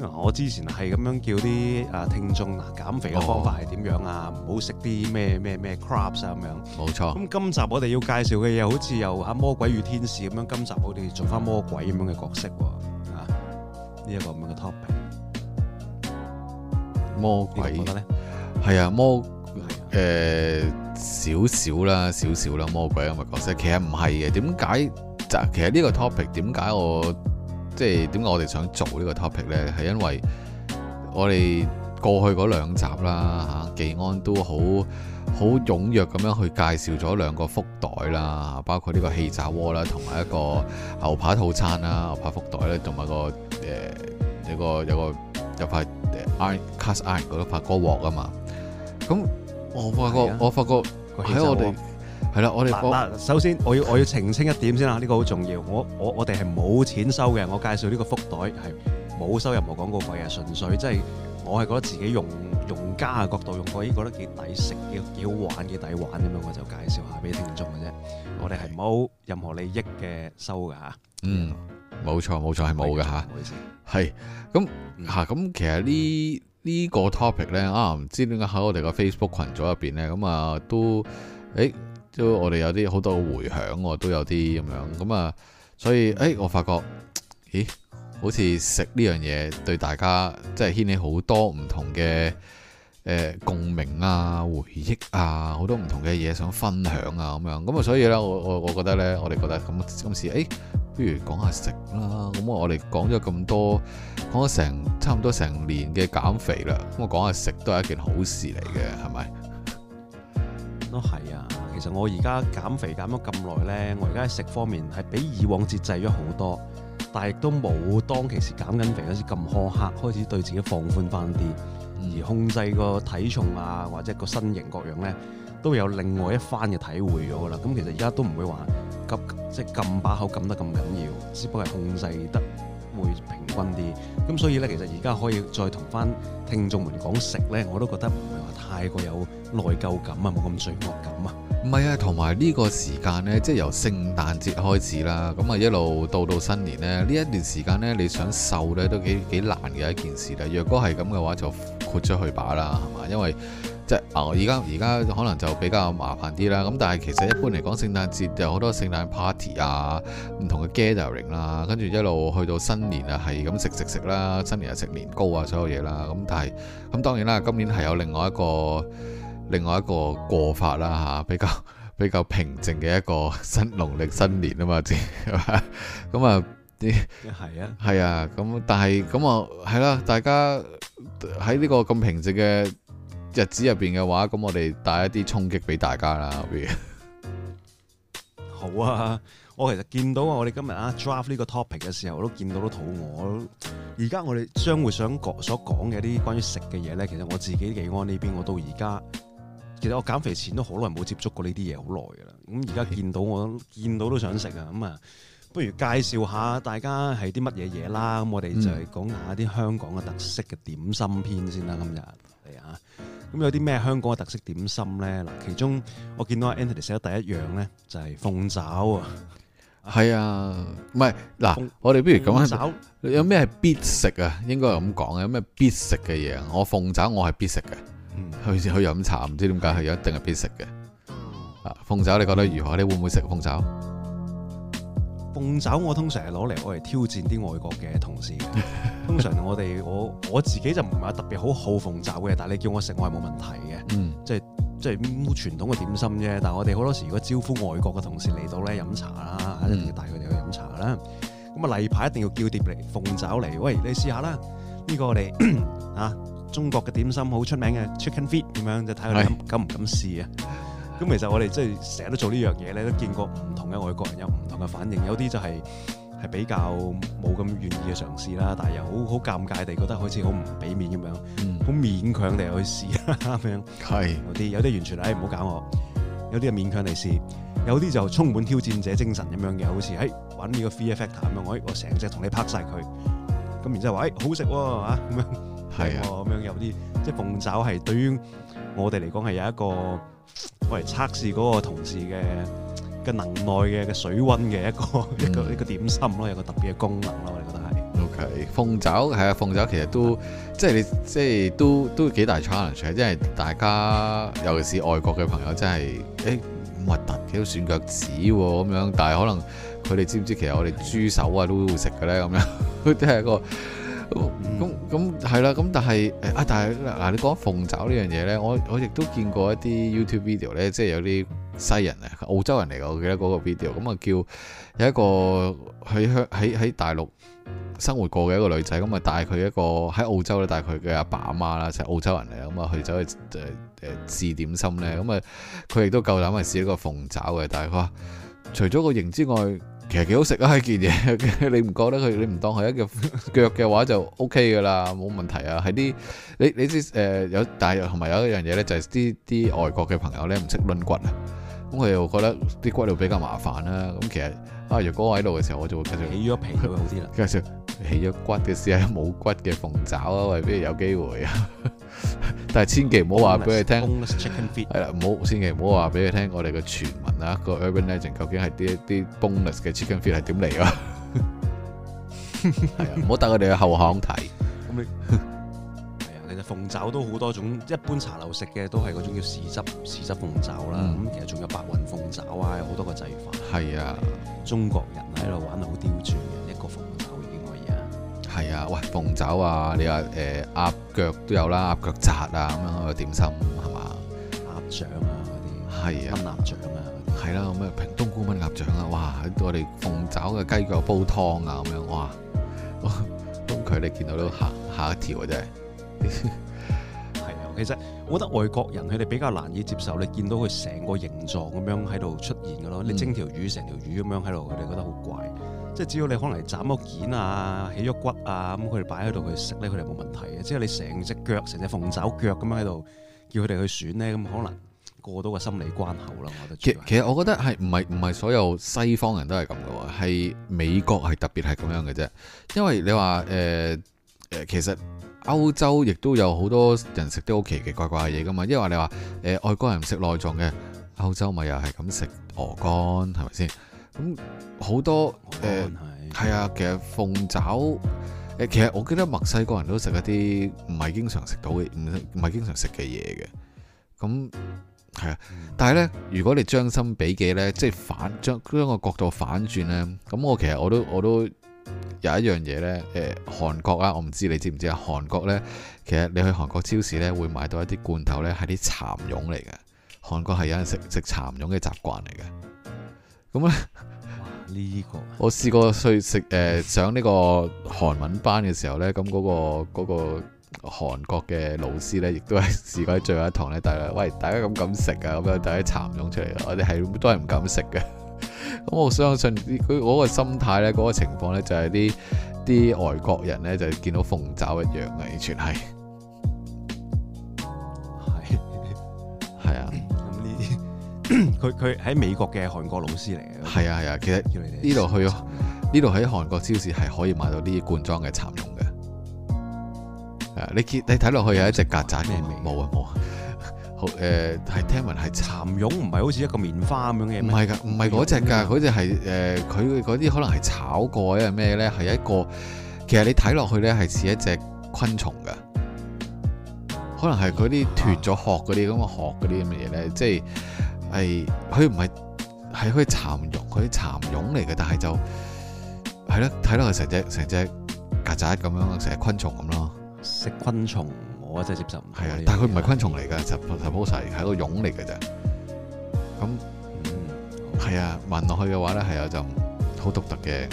嗱，我之前係咁樣叫啲啊聽眾，嗱，減肥嘅方法係點樣啊？唔好食啲咩咩咩 craps 啊咁樣。冇錯。咁今集我哋要介紹嘅嘢，好似又嚇魔鬼與天使咁樣。今集我哋做翻魔鬼咁樣嘅角色喎。呢一個咁樣嘅 topic，魔鬼覺咧，係啊魔誒少少啦，少少啦魔鬼咁嘅角色，其實唔係嘅。點解？就其實呢個 topic 點解我即係點解我哋想做個呢個 topic 咧？係因為我哋過去嗰兩集啦嚇，技安都好好踴躍咁樣去介紹咗兩個福袋啦，包括呢個氣炸鍋啦，同埋一個牛扒套餐啦，牛扒福袋咧，同埋個。誒，有個有個入塊 cast iron 個一塊鑊啊嘛，咁我發覺、啊、我發覺喺我哋係啦，我哋首先我要我要澄清一點先啦，呢、呢個好重要，我我我哋係冇錢收嘅，我介紹呢個福袋係冇收任何廣告費嘅，純粹即係我係覺得自己用用家嘅角度用過，已覺得幾抵食，幾好玩，幾抵玩咁樣，我就介紹下俾聽眾嘅啫，Okay. 我哋係冇任何利益嘅收嘅吓，嗯。冇錯，冇錯，係冇嘅嚇，係咁嚇。咁其實呢呢、呢個 topic 呢，啊，唔知點解喺我哋個 Facebook 群組入邊呢，咁、嗯、啊都誒、欸、都我哋有啲好多回響喎，都有啲咁樣咁啊、嗯，所以誒、欸、我發覺咦，好似食呢樣嘢對大家即係掀起好多唔同嘅誒、呃、共鳴啊、回憶啊，好多唔同嘅嘢想分享啊，咁樣咁啊、嗯，所以呢，我我我覺得呢，我哋覺得咁今次誒。欸不如講下食啦，咁我哋講咗咁多，講咗成差唔多成年嘅減肥啦，咁我講下食都係一件好事嚟嘅，係咪？都係啊，其實我而家減肥減咗咁耐咧，我而家喺食方面係比以往節制咗好多，但係亦都冇當其時減緊肥嗰時咁苛刻，開始對自己放寬翻啲，而控制個體重啊或者個身形各樣咧，都有另外一番嘅體會咗噶啦。咁其實而家都唔會話急。即係咁把口噉得咁緊要，只不過係控制得會平均啲。咁所以咧，其實而家可以再同返聽眾們講食咧，我都覺得唔係話太過有內疚感啊，冇咁罪惡感不是啊。唔係啊，同埋呢個時間咧，即係由聖誕節開始啦，咁啊一路到到新年咧，呢一段時間咧，你想瘦咧都幾幾難嘅一件事啦。若果係咁嘅話，就豁出去把啦，係嘛？因為即我而家而家可能就比較麻煩啲啦。咁但係其實一般嚟講，聖誕節就好多聖誕 party 啊，唔同嘅 gathering 啦、啊，跟住一路去到新年啊，係咁食食食啦，新年又食年糕啊，所有嘢啦、啊。咁但係咁當然啦，今年係有另外一個另外一個過法啦、啊、嚇，比較比較平靜嘅一個新農曆新年啊嘛，啲咁啊啲係是啊係啊咁，但係咁啊係啦，大家喺呢個咁平靜嘅日子入邊嘅話，咁我哋帶一啲衝擊俾大家啦。好，好啊，我其實見到 啊，我哋今日啊 drop 呢個 topic 嘅時候，我都見到都肚餓。而家我哋將會想講所講嘅一啲關於食嘅嘢咧，其實我自己幾安呢邊，我到而家其實我減肥前都好耐冇接觸過呢啲嘢，好耐噶啦。咁而家見到我見到都想食啊。咁啊，不如介紹下大家係啲乜嘢嘢啦。咁、啊、我哋就係講下啲香港嘅特色嘅點心篇先啦。今日。咁有啲咩香港嘅特色點心咧？嗱，其中我見到阿 Anthony 寫咗第一樣咧，就係鳳爪係啊！係啊，唔係嗱，鳳我哋不如講下，爪有咩係必食啊？應該咁講，有咩必食嘅嘢？我鳳爪我係必食嘅，嗯、去去飲茶唔知點解係有一定係必食嘅啊！鳳爪你覺得如何？你會唔會食鳳爪？鳳爪我通常係攞嚟我嚟挑戰啲外國嘅同事嘅，通常我哋我我自己就唔係特別好好鳳爪嘅，但係你叫我食我係冇問題嘅，即係即係好傳統嘅點心啫。但係我哋好多時如果招呼外國嘅同事嚟到咧飲茶啦，一定要帶佢哋去飲茶啦。咁啊例牌一定要叫碟嚟鳳爪嚟，喂，你試下啦，呢個我哋啊中國嘅點心好出名嘅 Chicken Feet 咁樣就睇下你敢唔敢試啊！咁其實我哋即係成日都做呢樣嘢咧，都見過唔同嘅外國人有唔同嘅反應，有啲就係、係、係比較冇咁願意嘅嘗試啦，但係又好好尷尬地覺得好似好唔俾面咁樣，好、嗯、勉強地去試咁樣。係有啲有啲完全誒唔好搞我，有啲係勉強嚟試，有啲就充滿挑戰者精神咁樣嘅，好似誒揾呢個 Fear Factor 咁樣，我我成隻同你拍曬佢，咁然之後話誒、哎、好食喎嚇咁樣，係啊咁樣有啲。即係鳳爪係對於我哋嚟講係有一個，為測試嗰個同事嘅嘅能耐嘅嘅水溫嘅一個一個一個點心咯，嗯、有一個特別嘅功能咯，我哋覺得係。Okay. 鳳爪係啊，鳳爪其實都即係你即係都都幾大 challenge 嘅，即係大家尤其是外國嘅朋友真係，真係誒核突嘅都選腳趾喎、啊、咁樣，但係可能佢哋知唔知其實我哋豬手啊都會食嘅咧咁樣，即係一個。咁咁係啦，咁、嗯、但係啊，但係嗱、啊，你講鳳爪呢樣嘢咧，我我亦都見過一啲 YouTube video 咧，即係有啲西人啊，澳洲人嚟嘅。我記得嗰個 video，咁啊叫有一個喺香喺喺大陸生活過嘅一個女仔，咁啊帶佢一個喺澳洲咧帶佢嘅阿爸阿媽啦，就係、澳洲人嚟，咁啊去走去誒誒試點心咧，咁啊佢亦都夠膽去試一個鳳爪嘅，但係佢話除咗個形之外。其實幾好食啊！係件嘢，你唔覺得佢你唔當佢一個腳嘅話就 OK 噶啦，冇問題啊！係啲你你知誒、呃、有，但係同埋有一樣嘢咧，就係啲啲外國嘅朋友咧唔識論骨啊，咁佢又覺得啲骨又比較麻煩啦，咁其實。啊，如果我喺度嘅時候，我就會繼續起咗皮佢好啲啦，繼續 起咗骨嘅試下，冇骨嘅鳳爪啊，喂，邊有機會啊？ 但係千祈唔好話俾佢聽，係 Bonus, 啦，唔好，千祈唔好話俾佢聽，我哋嘅傳聞啊，嗯、個 urban legend 究竟係啲啲 bonus 嘅 chicken feet 係點嚟啊？係啊，唔好等佢哋去後巷睇。 鳳爪都好多種，一般茶樓食嘅都係嗰種叫豉汁豉汁鳳爪啦。咁、嗯、其實仲有白雲鳳爪啊，有好多個製法。係啊，中國人喺度玩得好刁鑽嘅，一個鳳爪已經可以啊。係啊，喂，鳳爪啊，你話，誒、呃，鴨腳都有啦，鴨腳紮啊，咁樣點心係嘛，鴨掌啊嗰啲，係啊，金鴨掌啊，係啦、啊，咁啊,啊,啊平冬菇炆鴨掌啊，哇，我哋鳳爪嘅雞腳煲湯啊，咁樣哇，咁佢哋見到都吓吓一跳啊，真係。係啊， 其實我覺得外國人佢哋比較難以接受，你見到佢成個形狀咁樣喺度出現噶咯，嗯、你蒸條魚成條魚咁樣喺度，佢哋覺得好怪。即係只要你可能斬個件啊、起咗骨啊，咁佢哋擺喺度佢食咧，佢哋冇問題嘅。即係你成隻腳、成隻鳳爪腳咁樣喺度，叫佢哋去選咧，咁可能過到個心理關口喇。我覺得實。其的其實我覺得係唔係唔係所有西方人都係咁噶，係美國係特別係咁樣嘅啫。因為你話誒誒，其實。歐洲亦都有好多人食啲好奇奇怪怪嘅嘢噶嘛，因為你話誒、呃、外國人唔食內臟嘅，歐洲咪又係咁食鵝肝，係咪先？咁好多誒係啊，其實鳳爪誒、呃，其實我記得墨西哥人都食一啲唔係經常食到嘅，唔唔係經常食嘅嘢嘅。咁係啊，但係咧，如果你將心比己咧，即係反將將個角度反轉咧，咁我其實我都我都。有一樣嘢呢，誒韓國啊，我唔知你知唔知啊？韓國呢，其實你去韓國超市呢，會買到一啲罐頭呢，係啲蠶蛹嚟嘅。韓國係有人食食蠶蛹嘅習慣嚟嘅。咁咧，呢個我試過去食誒、呃、上呢個韓文班嘅時候呢，咁嗰個嗰個韓國嘅老師呢，亦都係試過喺最後一堂呢，帶嚟，喂大家敢唔敢食啊？咁樣大家蠶蛹出嚟，我哋係都係唔敢食嘅。咁我相信佢嗰個心態咧，嗰個情況咧就係啲啲外國人咧就見到鳳爪一樣嘅，完全係係係啊！咁呢啲佢佢喺美國嘅韓國老師嚟嘅，係啊係啊，其實呢度去呢度喺韓國超市係可以買到呢啲罐裝嘅蠶蛹嘅。誒，你見你睇落去有一隻曱甴？冇啊冇啊。誒係聽聞係蠶蛹，唔係好似一個棉花咁樣嘅嘢？唔係㗎，唔係嗰隻㗎，嗰隻係誒佢嗰啲可能係炒過，因為咩咧？係一個，其實你睇落去咧係似一隻昆蟲嘅，可能係嗰啲脫咗殼嗰啲咁嘅殼嗰啲咁嘅嘢咧，即係係佢唔係係佢蠶蛹，佢蠶蛹嚟嘅，但係就係咯，睇落去成隻成隻曱甴咁樣，成隻昆蟲咁咯，食昆蟲。我真係接受唔到啊，但係佢唔係昆蟲嚟噶，就實鋪晒係一個蛹嚟噶咋，咁，係、嗯、啊，聞落去嘅話咧，係有陣好獨特嘅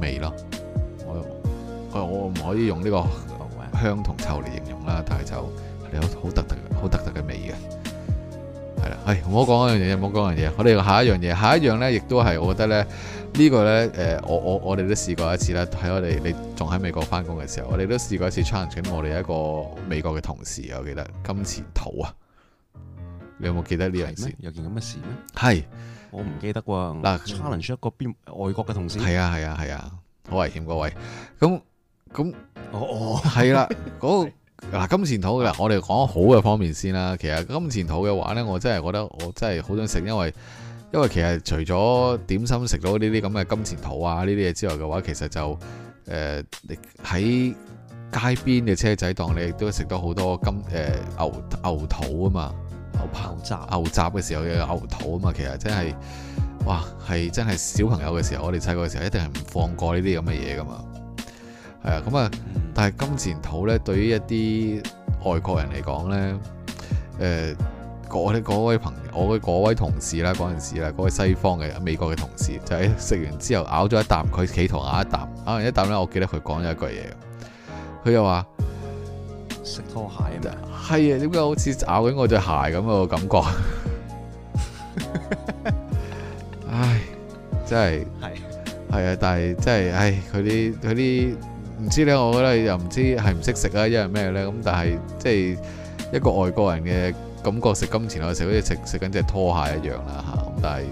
味咯。我我我唔可以用呢個香同臭嚟形容啦，但係就係有好獨特好獨特嘅味嘅。係啦，誒、哎，唔好講一樣嘢，唔好講嗰樣嘢，我哋下一樣嘢，下一樣咧，亦都係我覺得咧。呢個呢，誒，我我我哋都試過一次啦。喺我哋你仲喺美國翻工嘅時候，我哋都試過一次 challenge 我哋一個美國嘅同事，我記得金錢肚啊，你有冇記得呢件事？有件咁嘅事咩？係是，我唔記得喎。嗱，challenge 啦一個邊外國嘅同事，係啊係啊係啊，好、啊啊、危險各位。咁咁，哦、oh. 哦，係啦，嗰、那、嗱、個、 金錢肚嘅，我哋講好嘅方面先啦。其實金錢肚嘅話呢，我真係覺得我真係好想食，因為。因為其實除咗點心食到呢啲咁嘅金錢肚啊，呢啲嘢之外嘅話，其實就誒你喺街邊嘅車仔檔，你亦都食到好多金誒、呃、牛牛肚啊嘛，牛泡棚雜牛雜嘅時候有牛肚啊嘛，其實真係哇，係真係小朋友嘅時候，我哋細個嘅時候一定係唔放過呢啲咁嘅嘢噶嘛，係啊，咁啊，嗯、但係金錢肚呢，對於一啲外國人嚟講呢。誒、呃。我啲嗰位朋友，我嘅嗰位同事啦，嗰陣時啦，嗰位西方嘅美國嘅同事，就喺食完之後咬咗一啖，佢企圖咬一啖，咬完一啖咧，我記得佢講咗一句嘢，佢又話食拖鞋啊，係啊，點解好似咬緊我隻鞋咁個感覺？ 唉，真係係係啊，但係真係唉，佢啲佢啲唔知咧，我覺得又唔知係唔識食啊，因為咩咧？咁但係即係。一個外國人嘅感覺，食金錢肚食好似食食緊隻拖鞋一樣啦嚇。咁、嗯、但係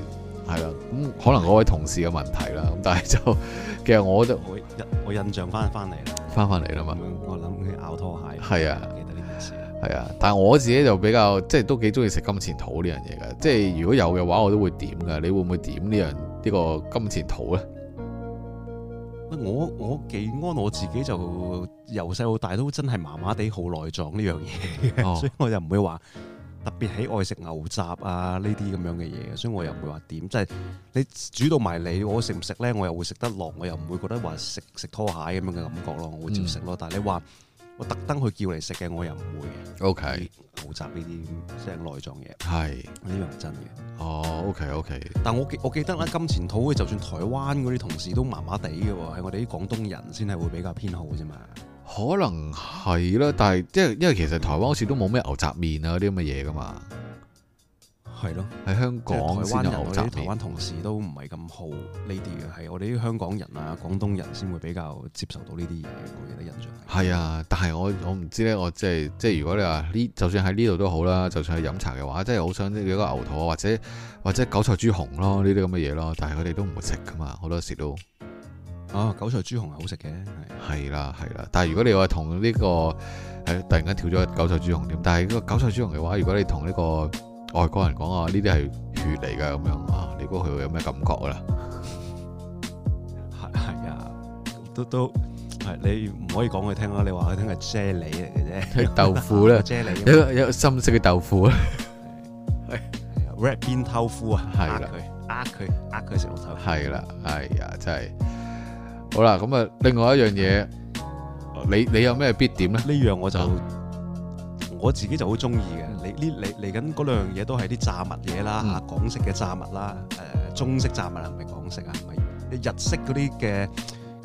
係啦，咁可能嗰位同事嘅問題啦，咁 但係就其實我就我，我印象翻翻嚟啦，翻翻嚟啦嘛，我諗佢咬拖鞋，係啊的，記得呢件事，係啊，但係我自己就比較即係都幾中意食金錢肚呢樣嘢㗎，即係如果有嘅話我都會點㗎，你會唔會點呢樣呢個金錢肚咧？我我技安，我自己就由細到大都真係麻麻地，好內臟呢樣嘢，所以我又唔會話特別喜愛食牛雜啊呢啲咁樣嘅嘢，所以我又唔會話點，即係你煮到埋你我食唔食咧？我又會食得落，我又唔會覺得話食食拖鞋咁樣嘅感覺咯，我會照食咯。嗯、但係你話。我特登去叫嚟食嘅，我又唔會嘅。OK，牛雜呢啲成內臟嘢，係呢樣係真嘅。哦，O K O K。但我記得我記得啦，金錢肚，就算台灣嗰啲同事都麻麻地㗎喎，係我哋啲廣東人先係會比較偏好嘅啫嘛。可能係啦，但係因為因為其實台灣好似都冇咩牛雜麵啊啲咁嘅嘢㗎嘛。係咯，喺香港、台灣人或者台灣同事都唔係咁好呢啲嘅，係我哋啲香港人啊、廣東人先會比較接受到呢啲嘢。我記得印象係啊，但係我我唔知咧，我即係即係如果你話呢，就算喺呢度都好啦，就算係飲茶嘅話，即係好想食呢個牛肚啊，或者或者韭菜豬紅咯，呢啲咁嘅嘢咯，但係佢哋都唔會食噶嘛，好多時都啊，韭菜豬紅係好食嘅，係係啦係啦，但係如果你話同呢個係突然間跳咗韭菜豬紅點，但係呢個韭菜豬紅嘅話，如果你同呢個外國人講啊，呢啲係血嚟噶，咁樣啊，你估佢會有咩感覺啦？係係啊，都都係你唔可以講佢聽啦，你話佢聽係啫喱嚟嘅啫，啲豆腐咧，啫喱，有有深色嘅豆腐咧，係 Red Bean Tofu 啊，呃佢呃佢呃佢食老頭，係啦，係啊，真係好啦，咁啊，另外一樣嘢，你你有咩必點咧？呢樣我就我自己就好中意嘅。呢嚟嚟緊嗰兩樣嘢都係啲炸物嘢啦嚇，港、嗯、式嘅炸物啦，誒、呃、中式炸物係咪港式啊？係咪日式嗰啲嘅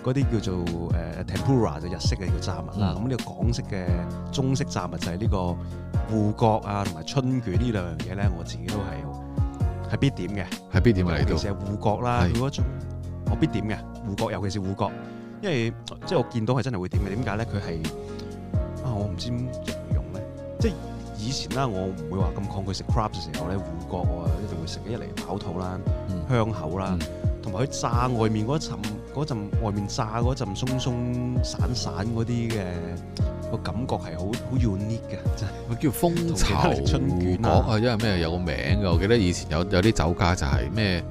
嗰啲叫做誒、呃、tempura 就日式嘅叫炸物啦。咁呢、嗯、個港式嘅中式炸物就係呢個護國啊同埋春卷呢兩樣嘢咧，我自己都係係、嗯、必點嘅，係必點嘅。尤其是係護國啦，嗰種我必點嘅護國，尤其是護國，因為即係我見到係真係會點嘅。點解咧？佢係啊，我唔知點形容咧，即係。以前啦，我唔會話咁抗拒食 crabs 嘅時候咧，芋角我一定會食，一嚟飽肚啦，嗯、香口啦，同埋佢炸外面嗰層嗰陣，外面炸嗰陣鬆鬆散散嗰啲嘅個感覺係好好 unique 嘅，真係佢叫蜂巢春芋角啊！因為咩有個名㗎，我記得以前有有啲酒家就係咩。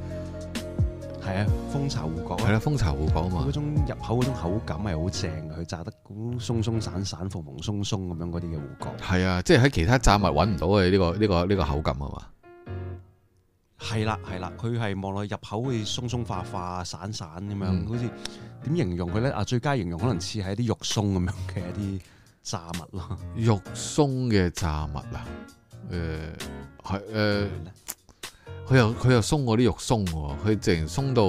係啊，蜂巢芋角係啦，蜂巢芋角啊嘛，嗰種入口嗰種口感係好正，佢炸得咁鬆鬆鬆散散，蓬蓬鬆鬆咁樣嗰啲嘅芋角。係啊，即係喺其他炸物揾唔到嘅，呢個、呢個呢、呢個呢、呢個呢個口感啊嘛。係啦係啦，佢係望落入口會鬆鬆化化、散散咁樣，好似點形容佢咧？啊，最佳形容可能似係一啲肉鬆咁樣嘅一啲炸物咯。肉鬆嘅炸物啊，誒、呃，係誒。呃佢又佢又鬆嗰啲肉鬆喎，佢直情鬆到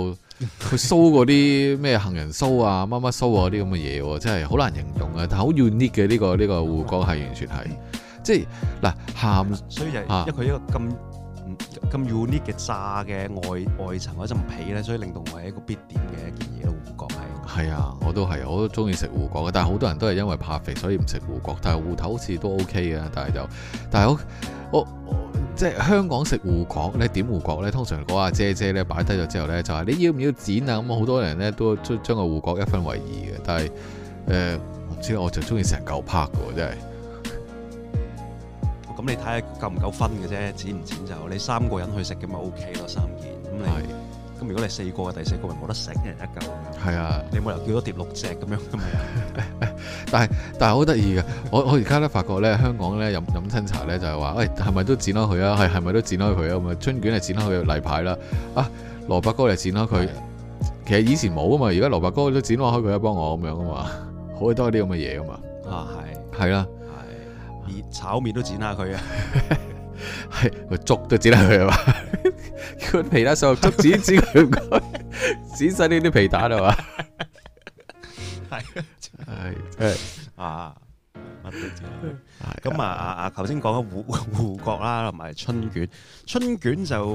佢酥嗰啲咩杏仁酥啊、乜乜酥啊啲咁嘅嘢，真係好難形容啊！但係好 unique 嘅呢個呢個芋角係完全係，即係嗱喊。所以就係啊、因為佢一個咁咁 unique 嘅炸嘅外外層嗰陣皮咧，所以令到我係一個必點嘅一件嘢。芋角係係啊，我都係，我都中意食芋角嘅，但係好多人都係因為怕肥所以唔食芋角，但係芋頭好似都 OK 嘅，但係就但係我我。我我即係香港食護角咧，你點芋角咧？通常嗰下姐姐咧擺低咗之後咧，就話你要唔要剪啊？咁好多人咧都將將個芋角一分為二嘅，但係誒，唔、呃、知道我就中意成嚿拍嘅真係。咁你睇下夠唔夠分嘅啫，剪唔剪就你三個人去食嘅咪 OK 咯，三件咁你。如果你四個嘅第四個咪冇得食，一人一嚿，係啊，你冇理由叫多碟六隻咁樣噶嘛 ？但係但係好得意嘅，我我而家咧發覺咧，香港咧飲飲親茶咧就係、是、話，喂、欸，係咪都剪開佢啊？係係咪都剪開佢啊？咁啊，春卷係剪開佢，例牌啦，啊，蘿蔔糕嚟剪開佢，啊、其實以前冇啊嘛，而家蘿蔔糕都剪開開佢一幫我咁、啊、樣啊嘛，好多啲咁嘅嘢啊嘛，啊係，係啦，麵、啊啊、炒麵都剪下佢啊。 係，佢竹都剪得佢啊！佢皮蛋瘦肉粥剪剪佢，剪晒呢啲皮蛋啊嘛！係係誒啊，咁啊啊！頭先講嘅芋芋角啦，同埋春卷，春卷就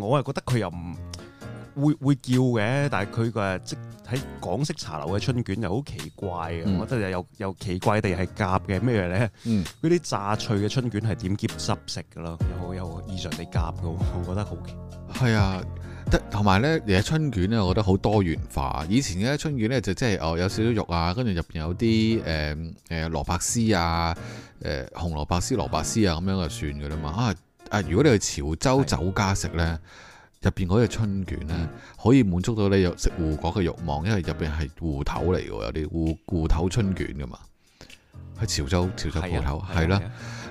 我係覺得佢又唔會會叫嘅，但係佢個即。喺港式茶樓嘅春卷又好奇怪嘅，我、嗯、覺得又有，有奇怪地係夾嘅咩嘢咧？呢嗯，嗰啲炸脆嘅春卷係點夾汁食㗎咯？又好有，有異常地夾嘅，我覺得好奇。係啊，得同埋咧，而家春卷咧，我覺得好多元化。以前嘅春卷咧，就即係哦，有少少肉啊，跟住入邊有啲誒誒蘿蔔絲啊、誒紅蘿蔔絲、蘿蔔絲啊咁樣就算㗎啦嘛。啊啊，如果你去潮州酒家食咧。入邊嗰隻春卷咧，可以滿足到你有食芋角嘅欲望，因為入邊係芋頭嚟嘅，有啲芋芋頭春卷噶嘛，係潮州潮州芋頭係啦，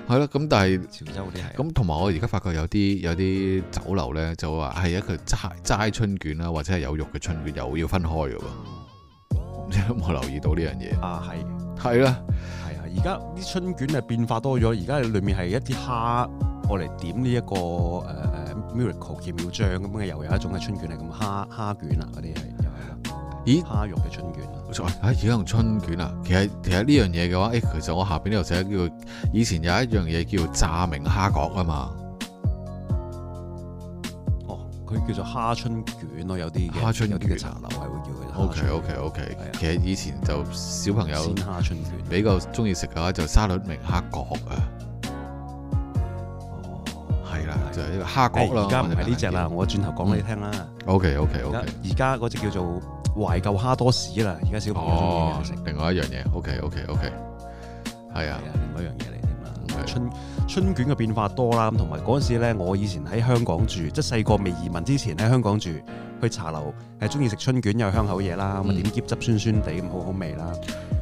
係啦，咁但係潮州嗰啲係，咁同埋我而家發覺有啲有啲酒樓咧，就話係一個齋齋春卷啦，或者係有肉嘅春卷又要分開嘅喎，你有冇留意到呢樣嘢啊？係係啦，係啊，而家啲春卷係變化多咗，而家裏面係一啲蝦。我嚟點呢、這、一個誒誒、呃、miracle 奇妙醬咁嘅，又有一種嘅春卷，係咁蝦蝦卷啊，嗰啲係又係啦。咦，蝦肉嘅春卷啊？錯啊咦，而家用春卷啊？其實其實呢樣嘢嘅話，誒、欸，其實我下邊呢度寫叫以前有一樣嘢叫做炸明蝦角啊嘛。哦，佢叫做蝦春卷咯，有啲蝦春卷有啲茶樓係會叫佢。OK OK OK，的其實以前就小朋友先蝦春卷比較中意食嘅話，就沙律明蝦角啊。就係呢個蝦角而家唔係呢隻啦，我轉頭講畀你聽啦、okay, okay , okay, 在。O K O K O K。而家嗰隻叫做懷舊蝦多士啦。而家小朋友中意食。哦，另外一樣嘢。O K O K O K。係啊，另外一樣嘢嚟添啦。春春卷嘅變化多啦。同埋嗰陣時咧，我以前喺香港住，即係細個未移民之前喺香港住，去茶樓係中意食春卷，有香口嘢啦，咁、嗯、點醬汁酸酸地咁好好味啦。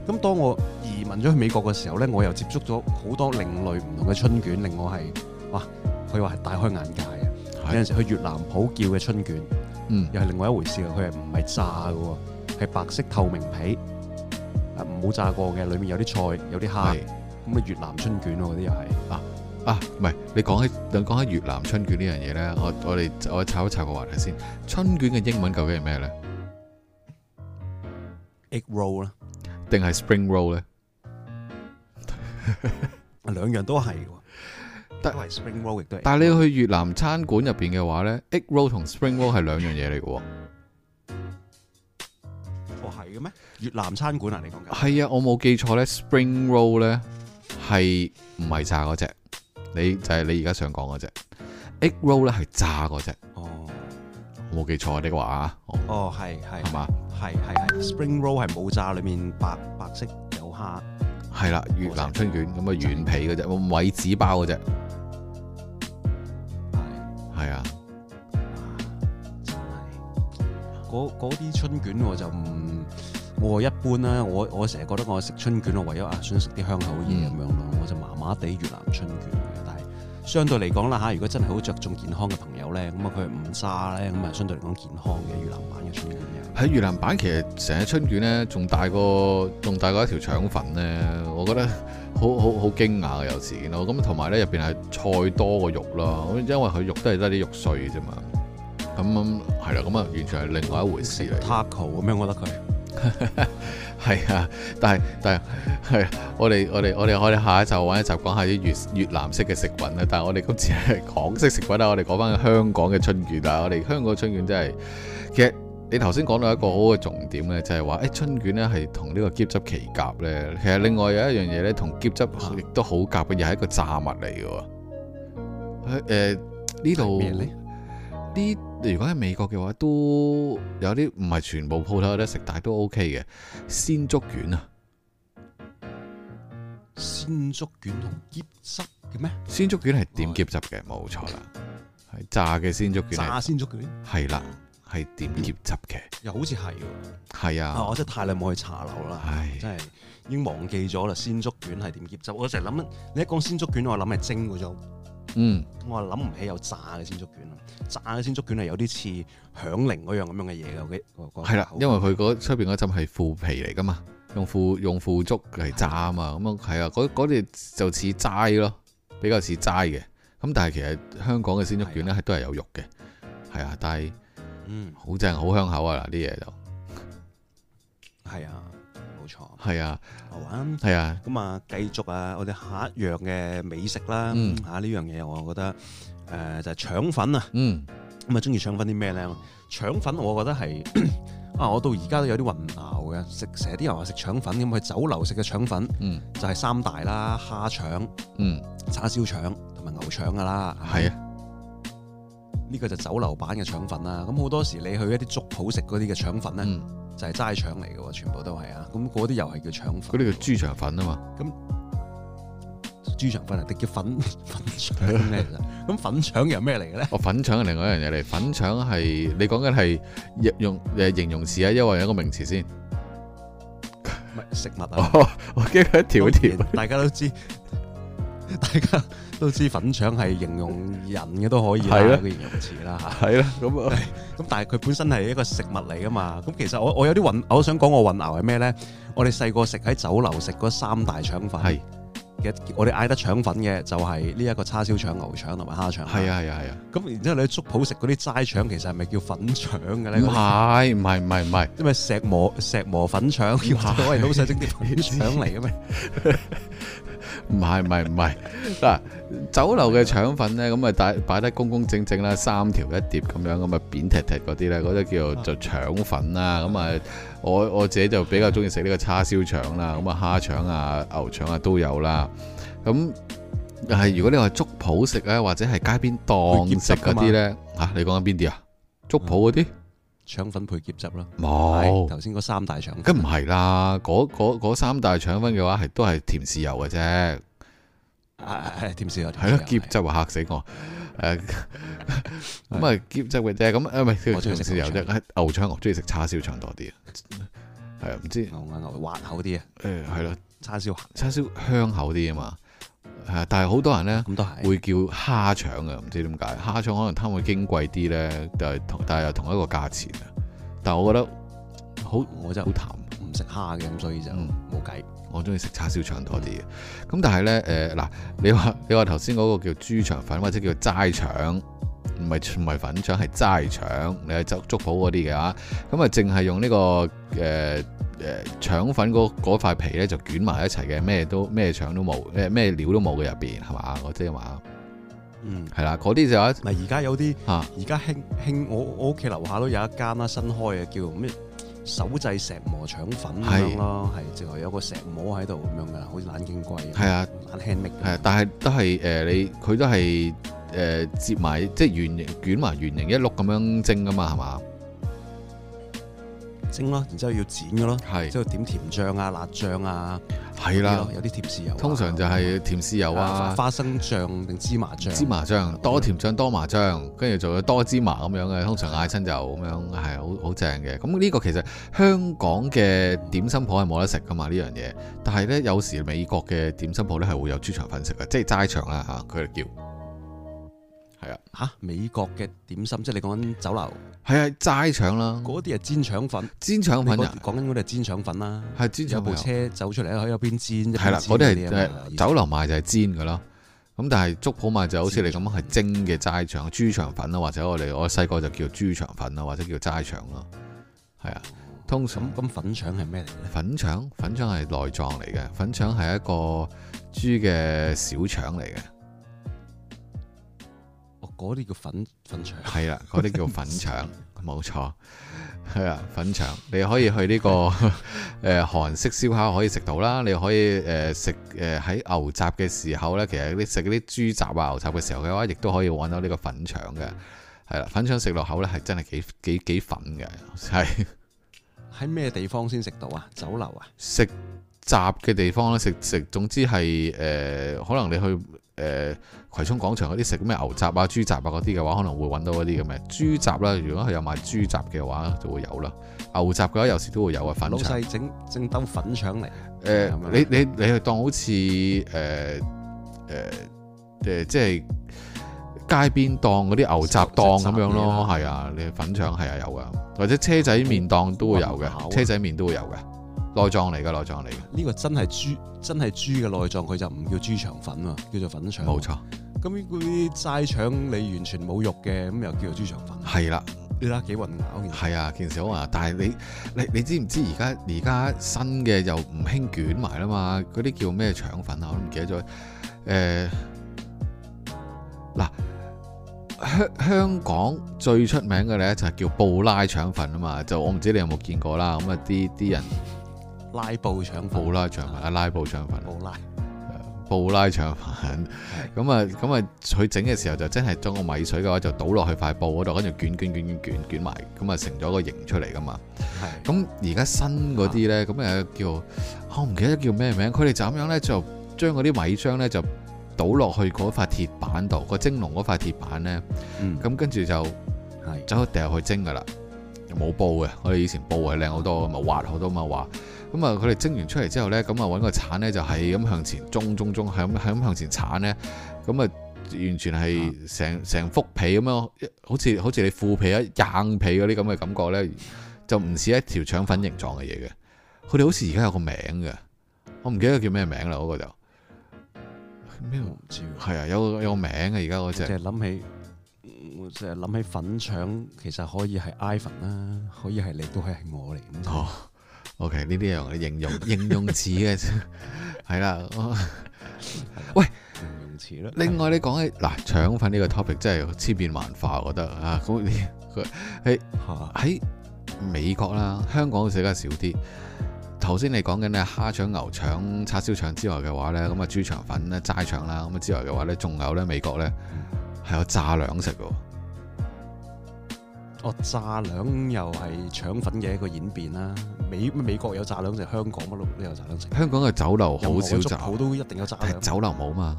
咁當我移民咗去美國嘅時候咧，我又接觸咗好多另類唔同嘅春卷，令我係哇～佢話係大開眼界啊！有陣的時去越南普叫嘅春卷，嗯，又係另外一回事啊！佢係唔係炸嘅喎？係白色透明皮，啊，冇炸過嘅，裡面有啲菜，有啲蝦，咁嘅的越南春卷咯，嗰啲又係啊啊！唔、啊、係你講起講起越南春卷呢樣嘢咧，我我哋我查一查個話題先。春卷嘅英文究竟係咩咧？egg roll 啦，定係 spring roll 咧？ 兩樣都係。得 Spring Roll 亦，但係你要去越南餐館入邊嘅話咧 egg roll 同 spring roll 係兩樣嘢嚟嘅。哦，係嘅咩？越南餐館啊，你講緊係啊，我冇記錯咧，spring roll 咧係唔係炸嗰隻，就是，你就係你而家想講嗰隻 egg roll 咧係炸嗰隻。哦，我冇記錯嘅話哦，係係係嘛，係係吧 spring roll 係冇炸，裏面白白色有蝦。係啦，啊，越南春卷咁啊，軟皮嗰隻，的我米紙包嗰隻。係啊，嗰嗰啲春卷我就唔，我一般啦，我我成日覺得我食春卷，我為咗啊想食啲香口嘢咁樣咯，Yeah. 我就麻麻地越南春卷嘅。但係相對嚟講啦嚇，如果真係好着重健康嘅朋友咧，咁啊佢唔炸咧，咁啊相對嚟講健康嘅越南版嘅春卷。喺越南版其實成日春卷咧，仲大過仲大過一條腸粉咧，我覺得。好好好驚訝啊！有時見到。咁同埋咧，入邊係菜多過肉咯，因為佢肉都係得啲肉碎嘅啫嘛。咁係啦，咁啊完全係另外一回事嚟。Taco 咁樣，aco, 我覺得佢係啊，但係但係係我哋我哋我哋我哋下一集玩一集講下啲越越南式嘅食品啊，但係我哋今次係港式食品啊，我哋講翻香港嘅春卷啊，我哋香港嘅春捲真係其實。你頭先講到一個好嘅重點咧，就係話誒春卷咧係同呢個喼汁奇夾咧，其實另外有一樣嘢咧同喼汁亦都好夾嘅又係一個炸物嚟嘅喎。呃、是呢度呢？如果喺美國嘅話，都有啲唔係全部鋪頭有得食，但係都 OK 嘅鮮竹卷啊！鮮竹卷同喼汁嘅咩？鮮竹卷係點喼汁嘅？冇錯啦，係炸嘅鮮竹卷，炸鮮竹卷係啦。係點醃汁嘅？嗯，又好似係，係啊，啊！我真係太耐冇去茶樓啦，啊、真係已經忘記咗啦。鮮竹卷係點醃汁？我成日諗緊，你一講鮮竹卷，我諗係蒸嗰種。嗯，我話諗唔起有炸嘅鮮竹卷。炸嘅鮮竹卷係有啲似響鈴嗰樣咁樣嘅嘢嘅，係啦，啊，因為佢嗰出邊嗰陣係腐皮嚟噶嘛，用腐用腐竹嚟炸啊嘛。咁啊，係，嗯、啊，嗰嗰啲就似齋咯，比較似齋嘅。咁但係其實香港嘅鮮竹卷咧，係都係有肉嘅，係啊，啊，但係。嗯，好正，好香口啊嗱，啲嘢就，係啊，冇錯，係啊，係玩啊，咁啊，繼續啊，我哋下一樣嘅美食啦，吓呢樣嘢我覺得，誒、呃、就係、是、腸粉啊，嗯，咁啊，鍾意腸粉啲咩咧？腸粉我覺得係 啊，我到而家都有啲混淆嘅，食成日啲人話食腸粉咁，去酒樓食嘅腸粉，吃腸粉就係三大啦，蝦腸，嗯，叉燒腸同埋牛腸㗎喇，係啊。呢個就是酒樓版嘅腸粉啦，咁好多時你去一啲粥鋪食嗰啲嘅腸粉咧，嗯、就係齋腸嚟嘅，全部都係啊！咁嗰啲又係叫腸粉，嗰啲叫豬腸粉啊嘛那。咁豬腸粉啊，定嘛叫粉 粉腸咧？其實咁粉腸又咩嚟嘅咧？哦， 粉腸係另外一樣嘢嚟，粉腸係你講緊係形容詞啊，抑或係一個名詞先？食物啊？ 我驚佢一條條，大家都知， 大家。都知粉腸係形容人嘅都可以啦，嗰的形容詞啦吓，係啦，咁咁但係佢本身係一個食物嚟噶嘛。咁其實我我有啲混，我想講個混淆係咩咧？我哋細個食喺酒樓食嗰三大腸粉，嘅的我哋嗌得腸粉嘅就係呢一個叉燒腸、牛腸同埋蝦腸。係啊係啊係啊！咁然之後你喺粥鋪食嗰啲齋腸，其實係咪叫粉腸嘅咧？唔係唔係唔係唔係，因為石磨石磨粉腸要下位都想整啲粉腸嚟嘅咩？ 唔係唔係唔係嗱，酒樓嘅腸粉呢，咁啊擺擺得公公正正啦，三條一碟咁樣，咁啊扁踢踢嗰啲呢，嗰啲叫做就腸粉啦。咁啊，我我自己就比較中意食呢個叉燒腸啦，咁啊蝦腸啊、牛腸啊都有啦。咁但係如果你話粥鋪食呢，或者係街邊檔食嗰啲呢，嚇你講緊邊啲啊？粥鋪嗰啲？腸粉配醃汁咯，冇頭先嗰三大腸，梗唔係啦，嗰三大腸粉嘅話係都係甜豉油嘅啫，係、啊、甜豉油，係咯醃汁啊是嚇死我，誒咁 是 啊醃汁嘅啫，咁誒唔係我中意食豉油啫，牛腸我中意食叉燒腸多啲啊，係啊唔知牛牛滑口啲啊，誒係咯叉燒，叉燒香口啲啊嘛。係但係好多人咧，會叫蝦腸啊，唔知點解蝦腸可能貪會矜貴啲咧，但係同但係又同一個價錢啊。但係我覺得好，我真係好淡，唔食蝦嘅咁，所以就冇計、嗯。我中意食叉燒腸多啲嘅。咁、嗯、但係咧，誒嗱，你話你話頭先嗰個叫豬腸粉或者叫齋腸，唔係唔係，粉腸係齋腸，你係執粥鋪嗰啲嘅嚇。咁啊、這個，淨係用呢個誒。誒、呃、腸粉嗰塊皮咧就捲埋一齊嘅，咩都咩腸都冇，誒咩料都冇嘅入邊，係嘛？我即係話，嗯，係啦，嗰啲就係咪而家有啲，而家興興，我我屋企樓下都有一間啦，新開嘅叫咩手製石磨腸粉咁樣咯，係淨係有個石磨喺度咁樣嘅，好似冷鏡龜，係啊的，攬 h a 係啊，但係都係誒、呃、你佢都係誒折埋即係圓形捲埋圓形一碌咁樣蒸噶嘛，係嘛？蒸咯，然之後要剪嘅咯，係然之後點甜醬啊、辣醬啊，係啦，有啲甜豉油，通常就係甜豉油啊，啊，啊，啊、花生醬定芝麻醬、芝麻醬多甜醬多麻醬，跟住做咗多芝麻咁樣嘅。通常嗌親就咁樣係好好正嘅。咁呢個其實香港嘅點心鋪係冇得食噶嘛呢樣嘢，但係呢，有時美國嘅點心鋪呢係會有豬腸粉食嘅，即係齋腸啦嚇，佢哋叫。吓美國嘅點心，即係你講緊酒樓？係啊，齋腸啦，嗰啲係煎腸粉，煎腸粉講緊啲係煎腸粉啦，係煎有部車走出嚟喺一邊煎。係啦，嗰啲係酒樓賣就係煎噶啦，咁但係粥鋪賣就好似你咁樣係蒸嘅齋腸、豬腸粉啦，或者我哋我細個就叫豬腸粉啦，或者叫齋腸咯，係啊。通常咁粉腸係咩嚟？粉腸粉腸係內臟嚟嘅，粉腸係一個豬嘅小腸嚟嘅。嗰啲叫粉粉腸，係啦，嗰啲叫粉腸，冇錯係啊。粉腸你可以去呢個誒韓式燒烤可以食到啦，你可以誒食誒喺牛雜嘅時候呢，其實你食嗰啲豬雜啊牛雜嘅時候嘅話，亦都可以搵到呢個粉腸嘅係啦。粉腸食落口呢，係真係幾幾幾粉嘅。係，喺咩地方先食到啊？酒樓啊食。雜嘅地方咧食食，總之係誒、呃，可能你去誒、呃、葵涌廣場嗰啲食咩牛雜啊、豬雜啊嗰啲嘅話，可能會揾到嗰啲嘅咩？豬、嗯、雜啦、啊，如果係有賣豬雜嘅話，就會有啦。牛雜嘅話，有時都會有啊。嗯、粉老細整整粉腸嚟誒，你你去當好似誒誒即係街邊檔嗰啲牛雜檔咁樣咯，係啊，你去粉腸係啊有噶，或者車仔麵檔都會有嘅，腸車仔麵都會有嘅。的內臟嚟噶，內臟嚟嘅，呢個真係豬真係豬嘅內臟，佢就唔叫豬腸粉啊，叫做粉腸粉。冇錯，咁佢齋腸，你完全冇肉嘅，咁又叫做豬腸粉。係啦的，呢啲幾混淆嘅。係啊，件事好啊，但係你你你，你知唔知而家而家新嘅又唔興捲埋啦嘛？嗰啲叫咩腸粉啊？我都唔記得咗。誒、呃、嗱，香香港最出名嘅咧就係叫布拉腸粉啊嘛。就我唔知你有冇見過啦。咁啊，啲啲人。拉布腸，布拉腸粉，啊拉布腸粉，布拉布拉腸粉。咁啊，咁啊，佢整嘅時候就真係將個米水嘅話就倒落去塊布嗰度，跟住捲卷卷卷卷捲埋，咁啊成咗個形出嚟噶嘛。咁而家新嗰啲咧，咁啊叫，我唔記得叫咩名，佢哋就咁樣咧，就將嗰啲米漿咧就倒落去嗰塊鐵板度，個蒸籠嗰塊鐵板咧，咁跟住就係走去掉入去蒸噶啦，冇布嘅。我哋以前布係靚好多，咁啊滑好多咁嘛話。咁啊，佢哋蒸完出嚟之後咧，咁啊，揾個鏟咧就係咁向前，中中中，係咁係咁向前鏟咧。咁啊，就完全係成成幅皮咁樣，好似好似你腐皮啊，硬皮嗰啲咁嘅感覺咧，就唔似一條腸粉形狀嘅嘢嘅。佢哋好似而家有個名嘅，我唔記得叫咩名啦，嗰、那個就咩我唔知。係啊，有有個名嘅而家嗰隻。就係諗起，我成日諗起粉腸，其實可以係 Ivan 啦，可以係你，都係我嚟咁。那個 O K，呢啲用形容 形容詞嘅，係啦。 喂，形容詞咯。另外你講起嗱腸粉呢個 topic 真係千變萬化，我覺得啊咁喺喺美國啦，香港食得少啲。頭先你講緊咧蝦腸、牛腸、叉燒腸之外嘅話呢，咁啊豬腸粉咧、齋腸啦咁啊之外嘅話呢，仲有呢美國呢，係有炸糧食嘅。個、哦、炸兩又係腸粉嘅一個演變啦。美美國有炸兩，就香港乜都有炸兩食。香港嘅酒樓好少炸。的粥鋪都一定有炸兩。酒樓冇嘛？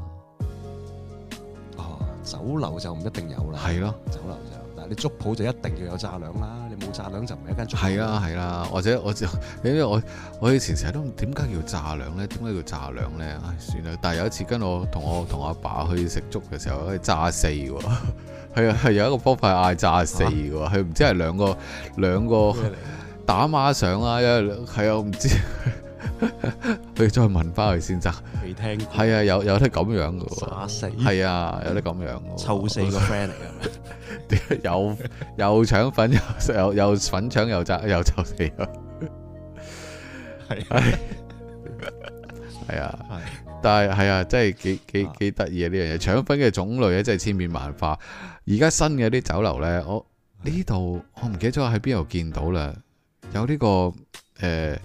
哦，酒樓就唔一定有啦。係咯的，酒樓。你粥鋪就一定要有炸兩啦，你冇炸兩就唔係一間粥，啊。係啊係啦，或者我就因為我我以前成日都點解叫炸兩咧？點解叫炸兩咧？唉、哎，算啦。但係有一次跟我同我同阿爸，爸去食粥嘅時候，係炸四喎。係 啊，係有一個方法嗌炸四喎。佢唔、啊、知係兩個兩個打孖上啦，因為係啊，我唔知。啊 你再問翻佢先咋？未聽？係啊，有有得咁樣嘅喎，傻死！係啊，有得咁樣嘅，臭死個 friend 嚟有有有腸粉又又粉腸又炸，又臭死啊！係啊，係啊，但係係啊，真係幾幾幾得意啊！呢樣嘢腸粉嘅種類咧，真係千變萬化。而家新嘅啲酒樓咧，我呢度我唔記得咗喺邊度見到啦，有呢個誒。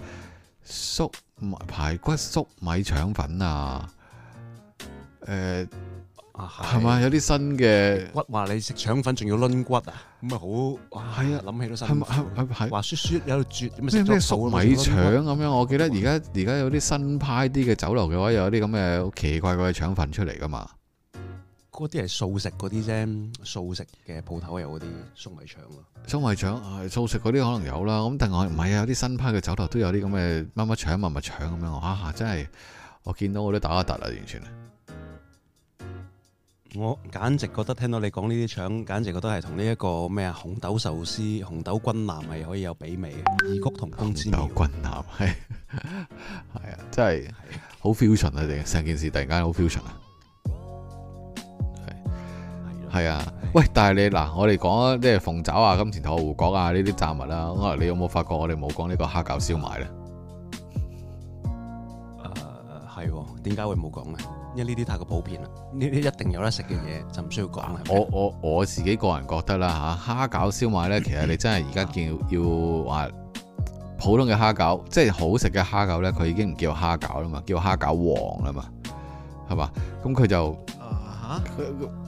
粟米排骨粟米腸粉啊，誒、呃，係咪、啊、有啲新嘅？骨話你食腸粉仲要掄骨啊？咁咪好，係啊，諗起都新。係係係，話、啊、雪雪有住咩咩粟米腸咁樣？我記得而家而家有啲新派啲嘅酒樓嘅話，有啲咁嘅好奇怪怪嘅腸粉出嚟噶嘛。嗰啲係素食嗰啲啫，素食嘅鋪頭有嗰啲粟米腸咯，粟米腸、哎、素食嗰啲可能有啦。咁但係唔係啊，有啲新派嘅酒樓都有啲咁嘅乜乜腸、乜乜腸咁樣、啊。啊，真係我見到我都打一突啊，完全我簡直覺得聽到你講呢啲腸，簡直覺得係同呢一個咩啊紅豆壽司、紅豆軍艦係可以有比美嘅異曲同工之妙。紅豆軍艦係係啊，真係好 fusion 啊！成、啊、件事突然間好 fusion 啊！係啊，喂！但係你嗱的、啊，我哋講即係鳳爪啊、金錢肚、啊、芋角啊呢啲雜物啦。你有冇發覺我哋冇講呢個蝦餃燒賣咧？誒、啊，係點解會冇講呢？因為呢啲太過普遍啦，呢啲一定有得食嘅嘢，就唔需要講啦、啊。我我我自己個人覺得啦、啊、吓，蝦餃燒賣咧，其實你真係而家叫、嗯、要話普通嘅蝦餃，即係好食嘅蝦餃呢，佢已經唔叫蝦餃啦嘛，叫蝦餃王啊嘛，係嘛？咁佢就。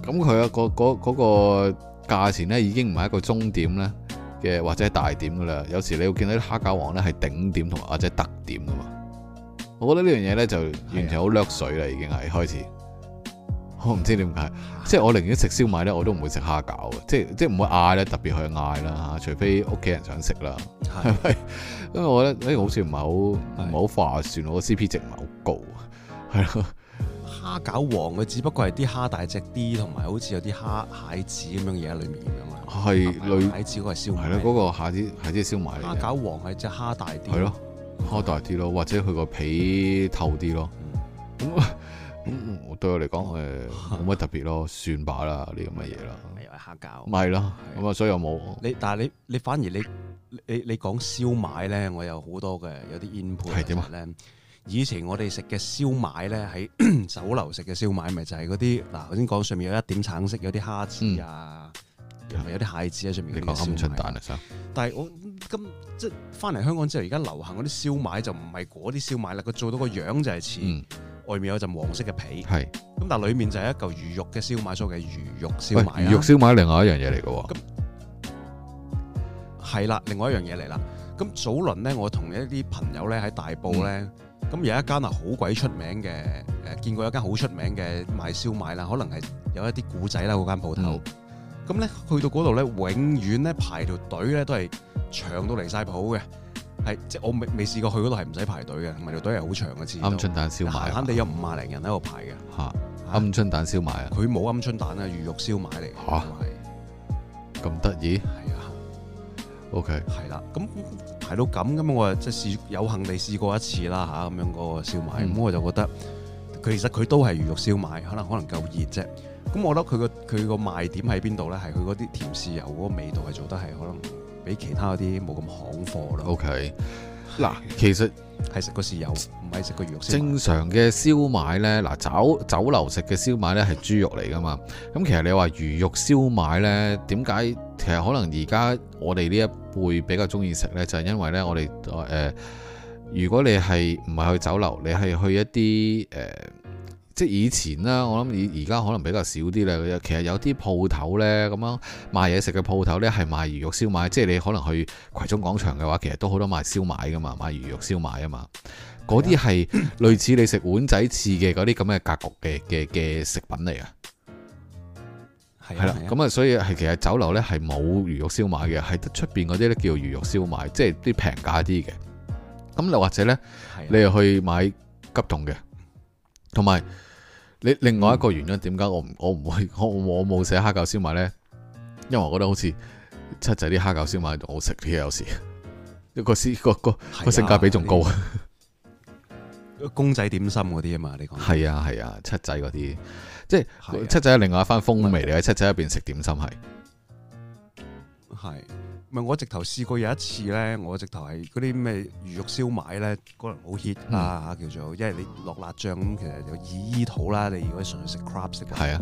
咁佢、啊、個嗰價錢咧，已經唔係一個終點咧嘅，或者大點噶啦。有時你會見到啲蝦餃王咧係頂點同埋或者特點噶嘛。我覺得呢樣嘢咧就完全好掠水啦的，已經係開始。我唔知點解，即係我寧願食燒賣咧，我都唔會食蝦餃，即係即係唔會嗌咧，特別去嗌啦吓，除非屋企人想食啦的，係咪？因為我覺得呢好似唔係好唔係好化算，我 C P 值唔係好高，係咯。蝦餃王，佢只不過係啲蝦大隻啲，同埋好似有啲蝦蟹子咁樣嘢喺裏面咁樣啦。係類蟹子嗰個燒賣咯，嗰個蟹子、蟹子燒賣。蝦餃王係只蝦大啲。係咯，蝦大啲咯，或者佢個皮透啲咯。咁咁，對我嚟講，誒，冇乜特別咯，算吧啦，呢咁嘅嘢啦。又係蝦餃。咪係咯，咁啊，所以我冇。你但係你你反而你你你講燒賣咧，我有好多嘅有啲 input 係點啊咧。以前我哋食嘅燒賣咧，喺酒樓食嘅燒賣咪就係嗰啲嗱，頭先講上面有一點橙色，有啲蝦子啊，嗯嗯、係咪有啲蟹子喺上面？咁出蛋啊！但係我今即係翻嚟香港之後，而家流行嗰啲燒賣就唔係嗰啲燒賣啦，佢做到個樣就係似外面有陣黃色嘅皮，係咁、嗯，但係裡面就係一嚿魚肉嘅燒賣，所謂魚肉燒賣啊、欸！魚肉燒賣係另外一樣嘢嚟嘅喎，係啦，另外一樣嘢嚟啦。咁早輪咧，我同一啲朋友咧喺大埔咧。嗯咁有一間啊，好鬼出名嘅，誒見過一間好出名嘅賣燒賣啦，可能係有一啲古仔啦嗰間鋪頭。咁咧、嗯、好去到嗰度咧，永遠咧排條隊咧都係長到離晒譜嘅，係即係我未未試過去嗰度係唔使排隊嘅，埋條隊係好長嘅次數。鵪鶉蛋燒賣，肯定有五萬零人喺度排嘅。嚇！鵪鶉蛋燒賣啊，佢冇鵪鶉蛋啊，魚肉燒賣嚟嘅。嚇、啊！咁得意係啊？OK，係啦、啊，咁。係到咁咁，我啊即係試有幸地試過一次啦嚇，咁樣嗰個燒賣，咁、嗯、我就覺得佢其實佢都係魚肉燒賣，可能可能夠熱啫。咁我覺得佢個佢個賣點喺邊度咧？係佢嗰啲甜豉油嗰個味道係做得係可能比其他嗰啲冇咁行貨咯。OK，嗱，其實。 係食個豉油，唔係食個魚肉。正常嘅燒賣呢，嗱，酒酒樓食嘅燒賣呢，係豬肉嚟噶嘛。咁其實你話魚肉燒賣呢，點解其實可能而家我哋呢一輩比較中意食呢，就係、是、因為呢。我哋誒、呃，如果你係唔係去酒樓，你係去一啲誒。呃即係以前啦，我諗以而家可能比較少啲啦。其實有啲鋪頭咧，咁樣賣嘢食嘅鋪頭咧，係賣魚肉燒賣。即係你可能去葵涌廣場嘅話，其實都好多賣燒賣噶嘛，賣魚肉燒賣係啊嘛。嗰啲係類似你食碗仔翅嘅嗰啲咁嘅格局嘅嘅嘅食品嚟啊。係啦，咁啊，所以係其實酒樓咧係冇魚肉燒賣嘅，係出邊嗰啲咧叫魚肉燒賣，即係啲平價啲嘅。咁又或者咧，啊、你又去買急凍嘅，同埋。你另外一個原因點解我唔我唔會我我冇寫蝦餃燒賣咧？因為我覺得好似七仔啲蝦餃燒賣仲好食啲，有時一個絲個個個、啊、性價比仲高。公仔點心嗰啲啊嘛，你講，係啊係啊，七仔嗰啲，即係、啊、七仔另外一番風味的你喺七仔入邊食點心係係。唔係，我直頭試過有一次咧，我直頭係嗰啲咩魚肉燒賣咧，可能好 hit 啊，叫做、嗯，因為你落辣醬咁，其實有以醫肚啦。你如果純食 crab 食，係啊，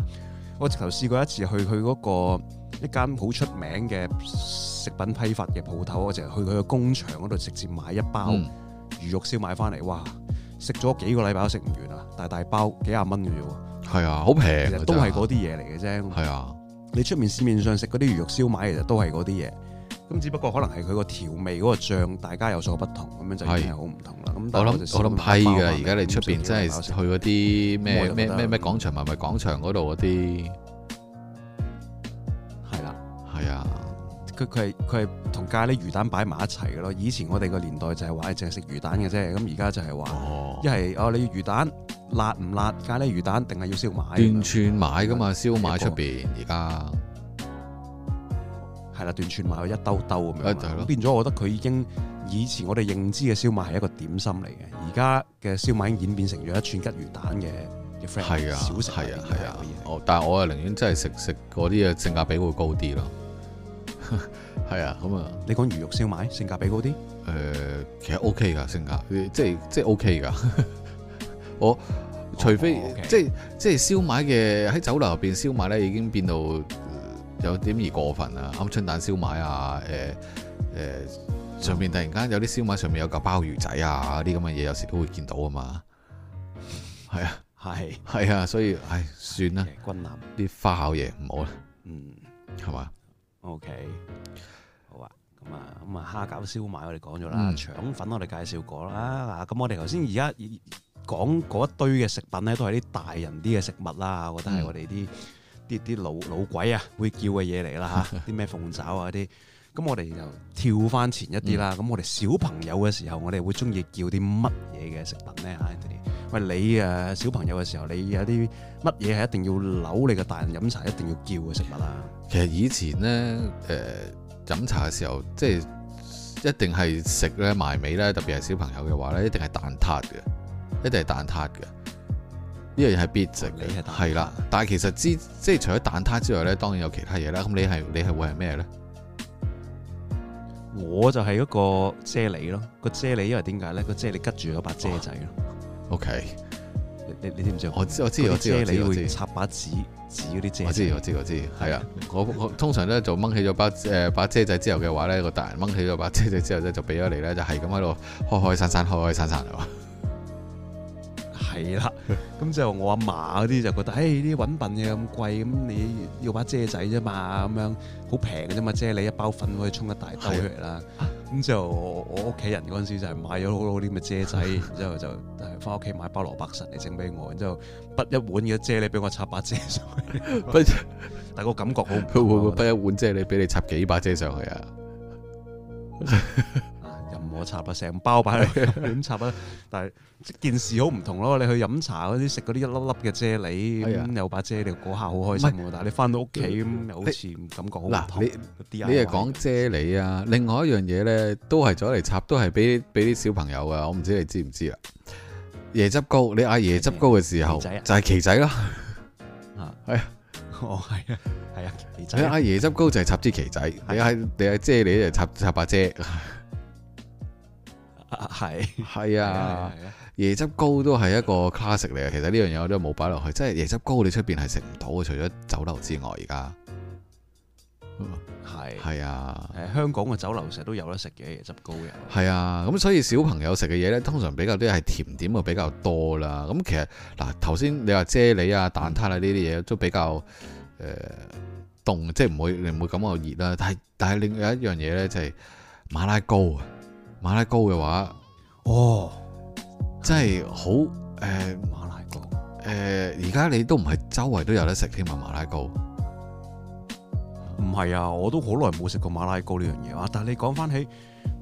我直頭試過一次去佢嗰、嗰個一間好出名嘅食品批發嘅鋪頭，我成日去佢個工場嗰度直接買一包魚肉燒賣翻嚟，哇！食咗幾個禮拜都食唔完啊，大大包幾廿蚊嘅啫喎，係啊，好平，其實都係嗰啲嘢嚟嘅啫。係啊，你出面市面上食嗰啲魚肉燒賣是那些東西，其實都係嗰啲嘢。咁只不過可能係佢個調味嗰個醬，大家有所不同，咁樣就已經係好唔同啦。咁我諗我諗批嘅，而家你出邊真係去嗰啲咩咩咩咩廣場咪咪廣場嗰度嗰啲，係啦，係啊，佢佢係佢係同咖喱魚蛋擺埋一齊嘅咯。以前我哋個年代就係話，淨係食魚蛋嘅啫。咁而家就係話，一係哦，你要魚蛋辣唔辣？咖喱魚蛋定係要燒賣？斷串買噶嘛，燒賣出邊而家。係啦，段串賣有一兜兜咁樣，變咗。我覺得佢已經以前我哋認知嘅燒賣係一個點心嚟嘅，而家嘅燒賣已經演變成咗一串吉魚蛋嘅嘅 friend，小食，但係我又寧願真係食食嗰啲嘅，性價比會高啲咯。係啊，咁啊，嗯、你講魚肉燒賣性價比高啲？誒、呃，其實 OK 噶，性價即係即係 OK 噶。我除非、哦 okay、即係即係燒賣嘅喺酒樓入邊燒賣咧，已經變到。有啲而過分啊，鵪鶉蛋燒賣啊，誒、呃、誒、呃、上面突然間有啲燒賣上面有嚿鮑魚仔啊，啲咁嘅嘢有時都會見到啊嘛，係、嗯、啊，係係啊，啊，所以、嗯、唉，算啦，軍艦啲、okay, 花巧嘢唔好啦，嗯，係嘛吧，OK，好啊，咁啊咁啊蝦餃燒賣我哋講咗啦，嗯、腸粉我哋介紹過啦，咁我哋頭先而家講嗰一堆嘅食品咧，都係啲大人啲嘅食物啦，我覺得係我哋啲、嗯。啲啲老老鬼啊，會叫嘅嘢嚟啦嚇，啲咩 鳳爪啊啲，咁我哋就跳翻前一啲啦。咁、嗯、我哋小朋友嘅時候，我哋會中意叫啲乜嘢嘅食品咧嚇？喂，你誒、啊、小朋友嘅時候，你有啲乜嘢係一定要扭你個大人飲茶一定要叫嘅食物啊？其實以前咧誒、呃、飲茶嘅時候，即係一定係食咧埋尾咧，特別係小朋友嘅話咧，一定係蛋塔嘅，一定係蛋撻嘅。呢樣嘢係必食嘅，係啦。但係其實之即係除咗蛋撻之外咧，當然有其他嘢啦。咁你係你係會係咩咧？我就係嗰個啫喱咯，個啫喱，因為點解咧？個啫喱吉住咗把遮仔咯。哦、o、okay、K，你，你知唔知啊？我知我知我知。個啫喱會插把紙紙啲啫。我知我知我知，係啊！我知 我，我通常咧就掹起咗把誒把遮仔之後嘅話咧，個大 人掹起咗把遮仔之後咧，就俾咗你咧，就係咁喺度開開散散，開開散散咯。係啦，咁就我阿嫲嗰啲就覺得，誒啲搵笨嘢咁貴，咁你要把遮仔啫嘛，咁樣好平嘅啫嘛，啫喱一包粉可以沖一大兜出嚟啦。咁就我我屋企人嗰陣時就係買咗好多啲咁嘅遮仔，然之後就返屋企買包羅卜神嚟整俾我，然之後不一碗嘅啫喱俾我插把遮上去，但係個感覺好，不不一碗啫喱俾你插幾把遮上去啊？我插啊，成包擺喺度插啊，但係件事好唔同咯。你去飲茶嗰啲食嗰啲一粒粒嘅啫喱，咁有把遮，嗰下好開心。但係你翻到屋企咁，又好似感覺好唔同。嗱，你你係講啫喱啊，另外一樣嘢咧，都係咗嚟插，都係俾俾啲小朋友啊。我唔知你知唔知啦。椰汁糕，你嗌椰汁糕嘅時候，就係旗仔啦。啊，係啊，我係啊，係啊，旗仔。你嗌椰汁糕就係插支旗仔，你嗌你嗌啫喱就插插把遮。係，係啊！椰汁糕都係一個 classic 嚟嘅，其實呢樣嘢我都冇擺落去，即係椰汁糕，你出邊係食唔到嘅，除咗酒樓之外，而家係係啊！誒，香港嘅酒樓成日都有得食嘅椰汁糕，嘅。係啊！咁所以小朋友食嘅嘢呢，通常比較啲係甜點啊比較多啦。咁其實嗱，頭先你話啫喱啊、蛋撻啊呢啲嘢都比較誒凍，即係唔會你唔會感覺熱啦。但係但係另外一樣嘢呢，就係馬拉糕啊。馬拉糕嘅話，哦，的真係好誒，馬拉糕誒，而家你都唔係周圍都有得食添啊，馬拉糕。唔係啊，我都好耐冇食過馬拉糕呢樣嘢啊！但係你講翻起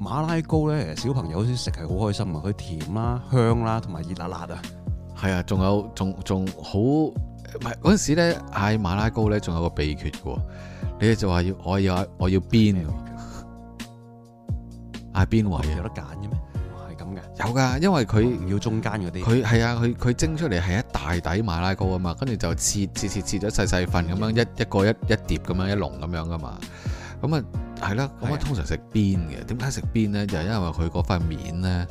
馬拉糕咧，小朋友先食係好開心啊，佢甜啦、香啦，同埋熱辣辣啊。係啊，仲有仲仲好，唔係嗰陣時咧，喺馬拉糕咧仲有個秘訣嘅，你就話要我要我要邊，我要嗌邊位有得揀嘅咩？係咁嘅，有噶，因為佢要中間嗰啲。佢係啊，佢佢蒸出嚟係一大底馬拉糕啊嘛，跟住就切切切切咗細細份咁樣，一一個一一碟咁樣一籠咁樣噶嘛。咁啊係啦，咁啊通常食邊嘅？點解食邊呢？就係因為佢嗰塊面呢，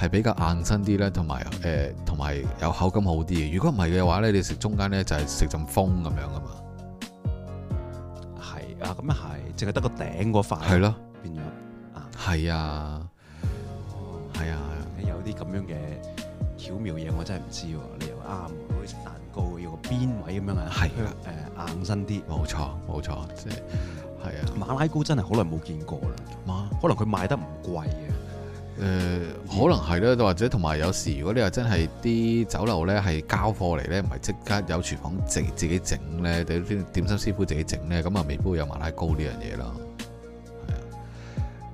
係比較硬身啲咧，同埋誒同埋有口感好啲嘅。如果唔係嘅話咧，你食中間咧就係食陣風咁樣噶嘛。係啊，咁又係，淨係得個頂嗰塊。係咯，變咗。係啊，係、哦、啊，有啲咁樣嘅巧妙嘢，我真係唔知喎。你又啱，好似蛋糕要個邊位咁樣係啊？係誒、呃，硬身啲，冇錯冇錯，即係係啊。馬拉糕真係好耐冇見過啦，麼可能佢賣得唔貴啊？誒，可能係啦，或者同埋有，有時如果你話真係啲酒樓咧係交貨嚟咧，唔係即刻有廚房自己自己整咧，啲、嗯、點心師傅自己整咧，咁啊未必會有馬拉糕呢樣嘢咯。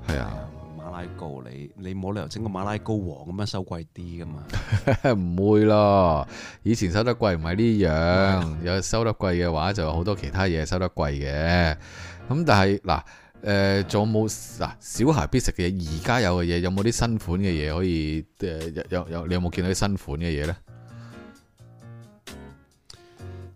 係啊，馬拉糕，你你冇理由整個馬拉糕王咁樣收貴啲㗎嘛？唔 會咯，以前收得貴唔係呢樣， 有收得貴嘅話就有好多其他嘢收得貴嘅。咁但係嗱，誒仲、呃、有冇嗱小孩必食嘅嘢？而家有嘅嘢有冇啲新款嘅嘢可以？誒有有有，你有冇見到啲新款嘅嘢咧？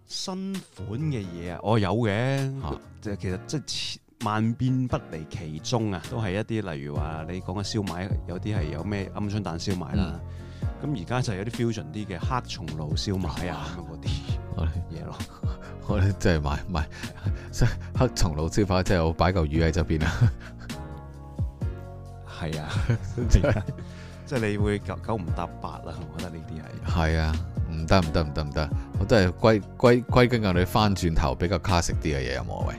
新款嘅嘢、哦、啊，我有嘅，即係其實即係。萬變不離其宗啊，都係一啲例如話你講嘅燒賣，有啲係有咩鵪鶉蛋燒賣啦。咁而家就係有啲 fusion 啲嘅黑松露燒賣啊，嗰啲嘢咯。我真即係買買，黑松露燒法即係我擺嚿魚喺側邊啦。係啊，即係、啊就是、你會九九唔搭八啦。我覺得呢啲係係啊，唔得唔得唔得唔得，我都係歸歸歸根噶，你翻轉頭比較 classic 啲嘅嘢有冇喂？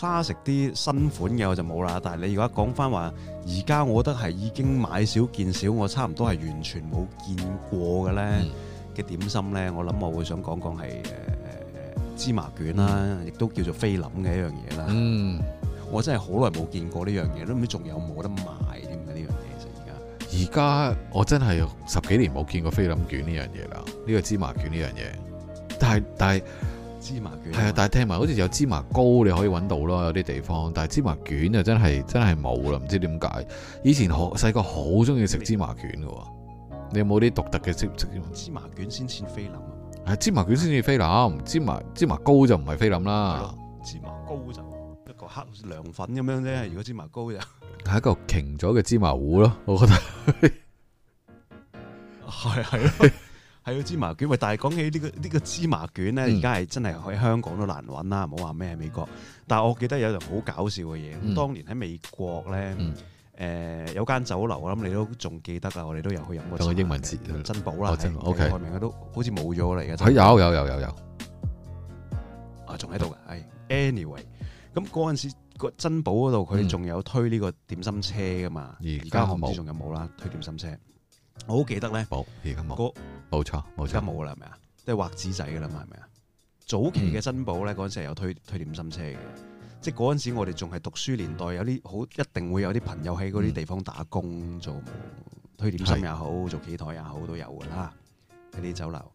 花食啲新款嘅我就冇啦，但係你而家講翻話，而家我覺得係已經買少見少，我差唔多係完全冇見過嘅咧嘅點心咧，嗯、我諗我會想講講係誒芝麻卷啦，亦都、嗯、叫做菲林嘅一樣嘢啦。嗯，我真係好耐冇見過呢樣嘢，都唔知仲有冇得賣添嘅呢樣嘢。其實而家而家我真係十幾年冇見過菲林卷呢樣嘢啦，呢、呢個芝麻卷呢樣嘢，但係但係。芝麻卷係啊，但係聽埋好似有芝麻糕，你可以揾到咯，有啲地方。但係芝麻卷就真係真係冇啦，唔知點解。以前好細個好中意食芝麻卷噶，你有冇啲獨特嘅食食用？吃吃芝麻卷先至菲林啊！係芝麻卷先至菲林，芝麻芝麻糕就唔係菲林啦。芝麻糕就一個黑涼粉咁樣啫。如果芝麻糕就係一個瓊咗嘅芝麻糊咯，我覺得係係、啊。 芝麻卷喂，但係講起呢個呢個芝麻卷咧，而家係真係喺香港都難揾啦，唔好話咩美國。但係我記得有樣好搞笑嘅嘢，當年喺美國咧，誒有間酒樓，我諗你都仲記得啦，我哋都有去飲過。同個英文字珍寶啦，OK，外名都好似冇咗嚟嘅。而家佢有有有有有，啊仲喺度噶。anyway，咁嗰陣時個珍寶嗰度佢仲有推呢個點心車噶嘛，而家唔知仲有冇啦，推點心車。我好記得咧，冇而家冇，冇錯冇錯，而家冇啦係咪啊？即係畫紙仔噶啦係咪啊？早期嘅珍寶咧，嗰陣時係有推推點心車嘅，即係嗰陣時我哋仲係讀書年代，有啲好一定會有啲朋友喺嗰啲地方打工，做推點心也好，做企台也好都有噶啦，喺啲酒樓。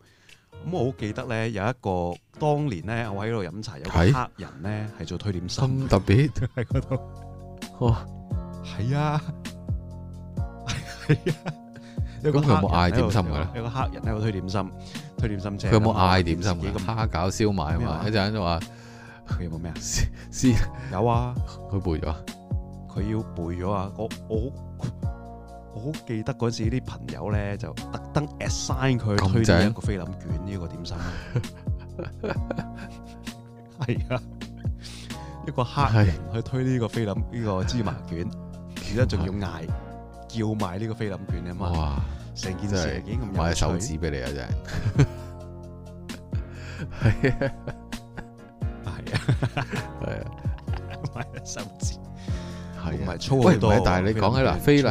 咁我好記得咧，有一個當年咧，我喺度飲茶，有個黑人咧係做推點心，特別喺嗰度，嗬，係啊，係啊。咁佢有冇嗌點心嘅咧？有個客人喺度推，推點心，推點心啫。佢有冇嗌點心嘅？蝦餃、嗯、燒賣啊嘛！麼一陣喺度話：有冇咩啊？ 有啊！佢背咗，佢要背咗啊！我我我好記得嗰時啲朋友咧，就特登 assign 佢推呢一個菲林卷呢、呢個點心。係 啊，一個客人去推呢個菲林呢、呢個芝麻卷，其實仲要嗌。叫賣呢個菲林卷啊嘛，成件蛇頸咁入水，買隻手指俾你啊！真係，係啊，係啊，係啊，買隻手指，係唔係粗好多？喂，唔係，但係你講起嗱，菲林，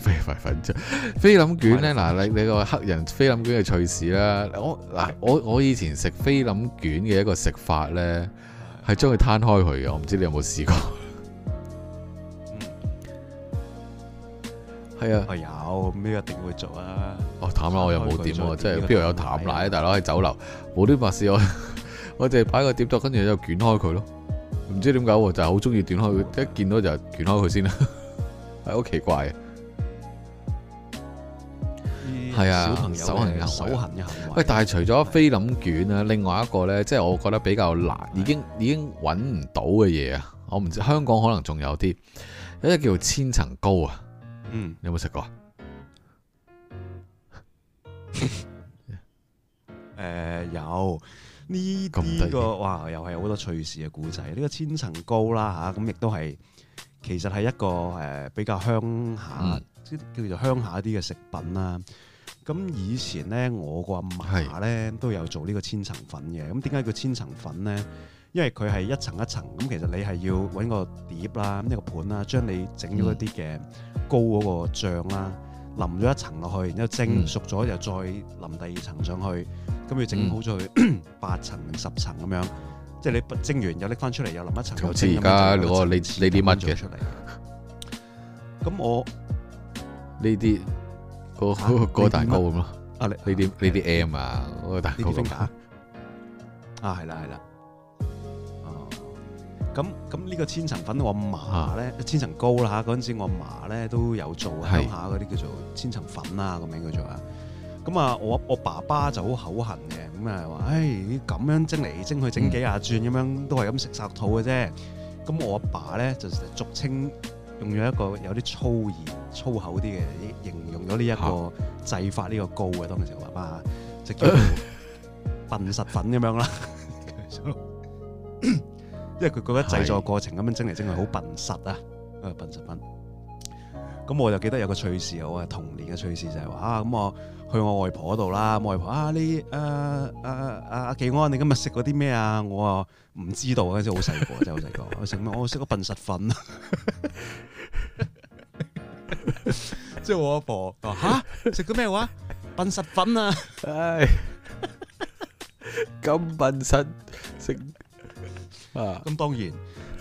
菲林粉啫，菲林卷咧嗱，你你個黑人菲林卷嘅趣事啦，我嗱我我以前食菲林卷嘅一個食法咧，係將佢攤開佢嘅，我唔知你有冇試過。係啊，有咁都一定會做啊！哦，淡奶我又冇點喎，即係邊度有淡奶？大佬喺酒樓冇端白事我，我淨係擺個碟度，跟住就後捲開佢咯。唔知點解，就係好中意捲開佢，一見到就捲開佢先啦，係好奇怪嘅。係啊，小朋友手痕手痕嘅行為。但係除咗菲林卷啊，另外一個咧，即係我覺得比較難，已經已經揾唔到嘅嘢啊！我唔知香港可能仲有啲，一隻叫做千層糕啊。嗯，你有冇食過？誒、 呃，有呢啲個哇，又係好多趣事嘅故仔。呢、這個千層糕啦吓，咁、啊、亦都係，其實係一個誒比較鄉下，即叫做鄉下啲嘅食品啦。咁、嗯、以前咧，我個阿嫲咧都有做呢個千層粉嘅。咁點解叫千層粉咧？因為佢係一層一層咁，其實你係要揾個碟啦，呢個盤啦，將你整咗一啲嘅糕嗰個醬啦，淋咗一層落去，然後蒸熟咗又再淋第二層上去，咁要整好咗佢八層十層咁樣，即係你蒸完又拎翻出嚟，又淋一層。好似而家我你你啲乜嘢出嚟？咁我呢啲嗰個個蛋糕咁咯，呢啲呢啲 M 啊，個蛋糕咁。啊，係啦，係啦。咁咁呢個千層粉，我阿嫲咧千層糕啦嚇，嗰陣時我阿嫲咧都有做，家下嗰啲叫做千層粉啦，咁樣去做啊。咁啊，我我爸爸就好口痕嘅，咁啊話，唉，咁樣蒸嚟蒸去，整幾下轉咁樣，都係咁食曬肚嘅啫。咁我阿爸咧就俗稱用咗一個有啲粗言粗口啲嘅形容咗呢一個製法呢個糕嘅。啊、當時我爸爸啊，就叫笨實粉咁樣啦。啊 因為佢覺得製作過程咁樣蒸嚟蒸去好笨實啊，誒是笨實粉。咁我就記得有個趣事，我嘅童年嘅趣事就係話啊，咁我去我外婆嗰度啦，我外婆啊，你誒誒誒，阿、啊、技安，你今日食過啲咩啊？我啊唔知道，嗰陣好細個，真係好細個。食咩？ 我食個笨實粉啊！即係我阿婆，我吓食咗咩話？笨實粉啊！唉，咁笨實食。咁當然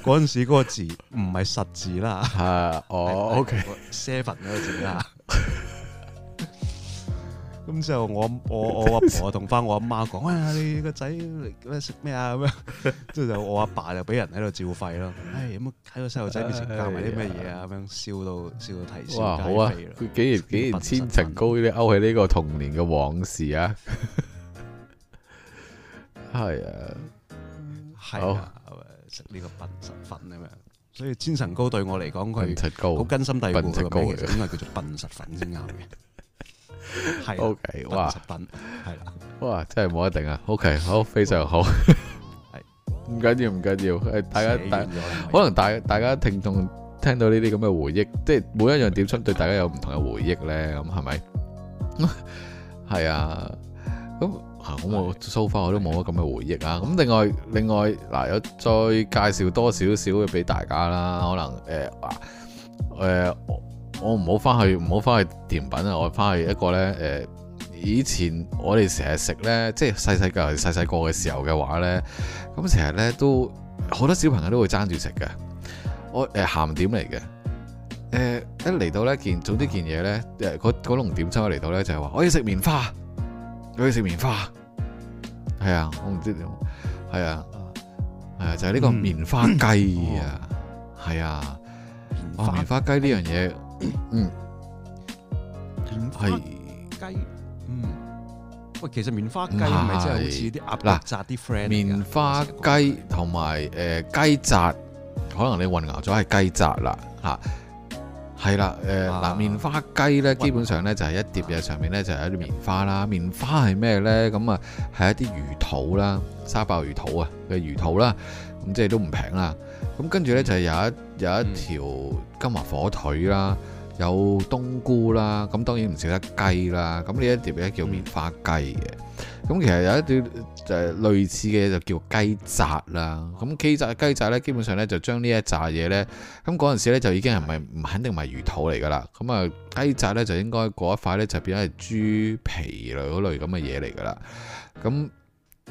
嗰陣時嗰個字唔係實字啦，係我 OK seven 個字啊。咁之後我我我阿婆同翻我阿媽講，喂，你個仔食咩啊？咁樣，之後就我阿爸就俾人喺度照肺咯。唉，有冇睇個細路仔面前加埋啲咩嘢啊？咁樣笑到笑到啼笑皆非啦。佢竟然竟然千層糕呢？勾起呢個童年嘅往事啊！係啊，好。食呢個笨實粉咁樣，所以千層糕對我嚟講，佢好根深蒂固嘅，應該叫做笨實粉先啱嘅。O K，哇，係啦，哇，真係冇一定啊。O K，好，非常好。係，唔緊要，唔緊要。大家可能大，大家聽眾聽到呢啲咁嘅回憶，即係每一樣點心對大家有唔同嘅回憶咧，咁係咪？係啊。咁我收翻，是 so、我都冇乜咁嘅回憶啊。咁的另外另外嗱，有再介紹多少少嘅俾大家啦。可能誒嗱誒，我唔好翻去唔好翻去甜品啊。我翻去一個咧誒、呃，以前我哋成日食咧，即係細細個、細細個嘅時候嘅話咧，咁成日咧都好多小朋友都會爭住食嘅。我誒、呃、鹹點嚟嘅誒，一嚟到呢件，總之件嘢咧誒，嗰嗰龍點餐嚟到咧就係話我要食棉花。畀佢食棉花，係啊，我唔知點，係啊，係啊，就係、係、呢個棉花雞、嗯、啊、係、嗯、啊棉花、哦，棉花雞呢樣嘢，嗯，棉花雞係，嗯，喂，其實棉花雞係咪真係好似啲鴨紮啲 friend？棉花雞同埋誒雞紮，可能你混淆咗係雞紮啦，吓、啊。係啦，誒嗱棉花雞咧，基本上咧就係一碟嘢，上面咧就係一啲棉花啦。棉花係咩咧？咁啊係一啲魚肚啦，沙爆魚肚啊嘅魚肚啦，咁即係都唔平啦。咁跟住咧就係有一、嗯、有一條金華火腿啦。有冬菇啦，咁當然唔少得雞啦，咁呢一碟咧叫棉花雞嘅，咁其實有一啲就係類似嘅就叫雞紮啦，咁雞紮雞紮咧基本上咧就將呢一紮嘢咧，咁嗰陣時咧就已經係唔係唔肯定係魚肚嚟㗎啦，咁啊雞紮咧就應該嗰一塊咧就變咗係豬皮類嗰類咁嘅嘢嚟㗎啦，咁。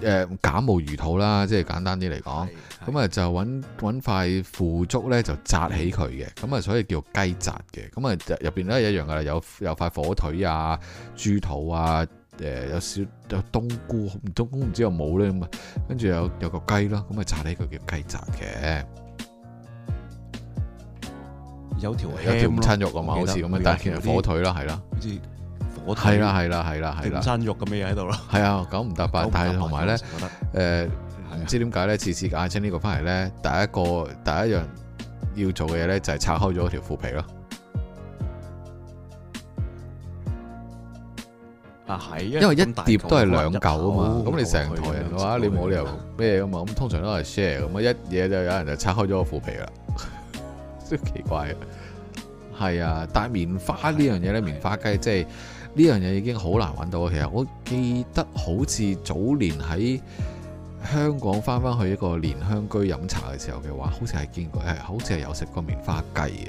誒假冒魚肚啦，即係簡單啲嚟講，咁啊就揾揾塊腐竹咧就紮起佢嘅，咁啊所以叫雞紮嘅，咁啊入入邊都係一樣噶，有有塊火腿啊、豬肚啊、誒有少有冬菇，冬菇唔知，知有冇咧咁啊，跟住有有，有個雞咯，咁啊紮起佢叫雞紮嘅，有條 M, 有條午餐肉啊嘛，好似咁樣，但係其實火腿啦，係啦。好係啦，係啦，係啦，係啦，生肉嘅咩嘢喺度咯。係啊，九唔搭八，但係同埋咧，誒，唔知點解咧，次次嗌親呢個返嚟咧，第一個第一樣要做嘅嘢咧，就係拆開咗條腐皮咯。啊，係啊，因為一碟都係兩嚿啊嘛，咁你成台人嘅話，你冇理由咩嘅嘛，咁通常都係 share 咁啊，一嘢就有人就拆開咗個腐皮啦，真奇怪啊。係啊，但係棉花呢樣嘢咧，棉花雞即係。呢樣嘢已經好難揾到，其實我記得好似早年喺香港翻返去一個蓮香居飲茶嘅時候嘅話，好似係見過誒，好似係有食過棉花雞嘅，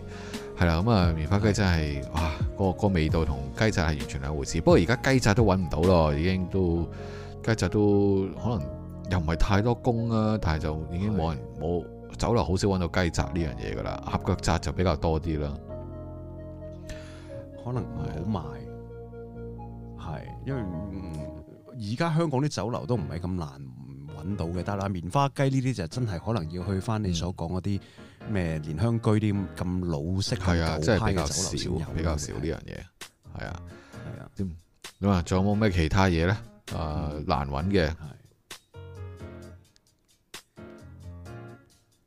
係啦。咁、嗯、啊，棉花雞真係是的 哇，個個味道同雞雜係完全兩回事。是的 不過而家雞雜都揾唔到咯，已經都雞雜都可能又唔係太多工啦、啊，但係就已經冇人冇酒樓好少揾到雞雜呢樣嘢噶啦。鴨腳扎就比較多啲啦，可能係好賣。係，因為而家香港啲酒樓都唔係咁難搵到嘅，但係棉花雞呢啲就真係可能要去返你所講嗰啲咩蓮香居啲咁老式係啊，即係、嗯嗯、比較少，比較少的有有呢樣嘢，係啊，係、嗯、啊。咁、這、啊、個，仲有冇咩其他嘢咧？誒，難搵嘅，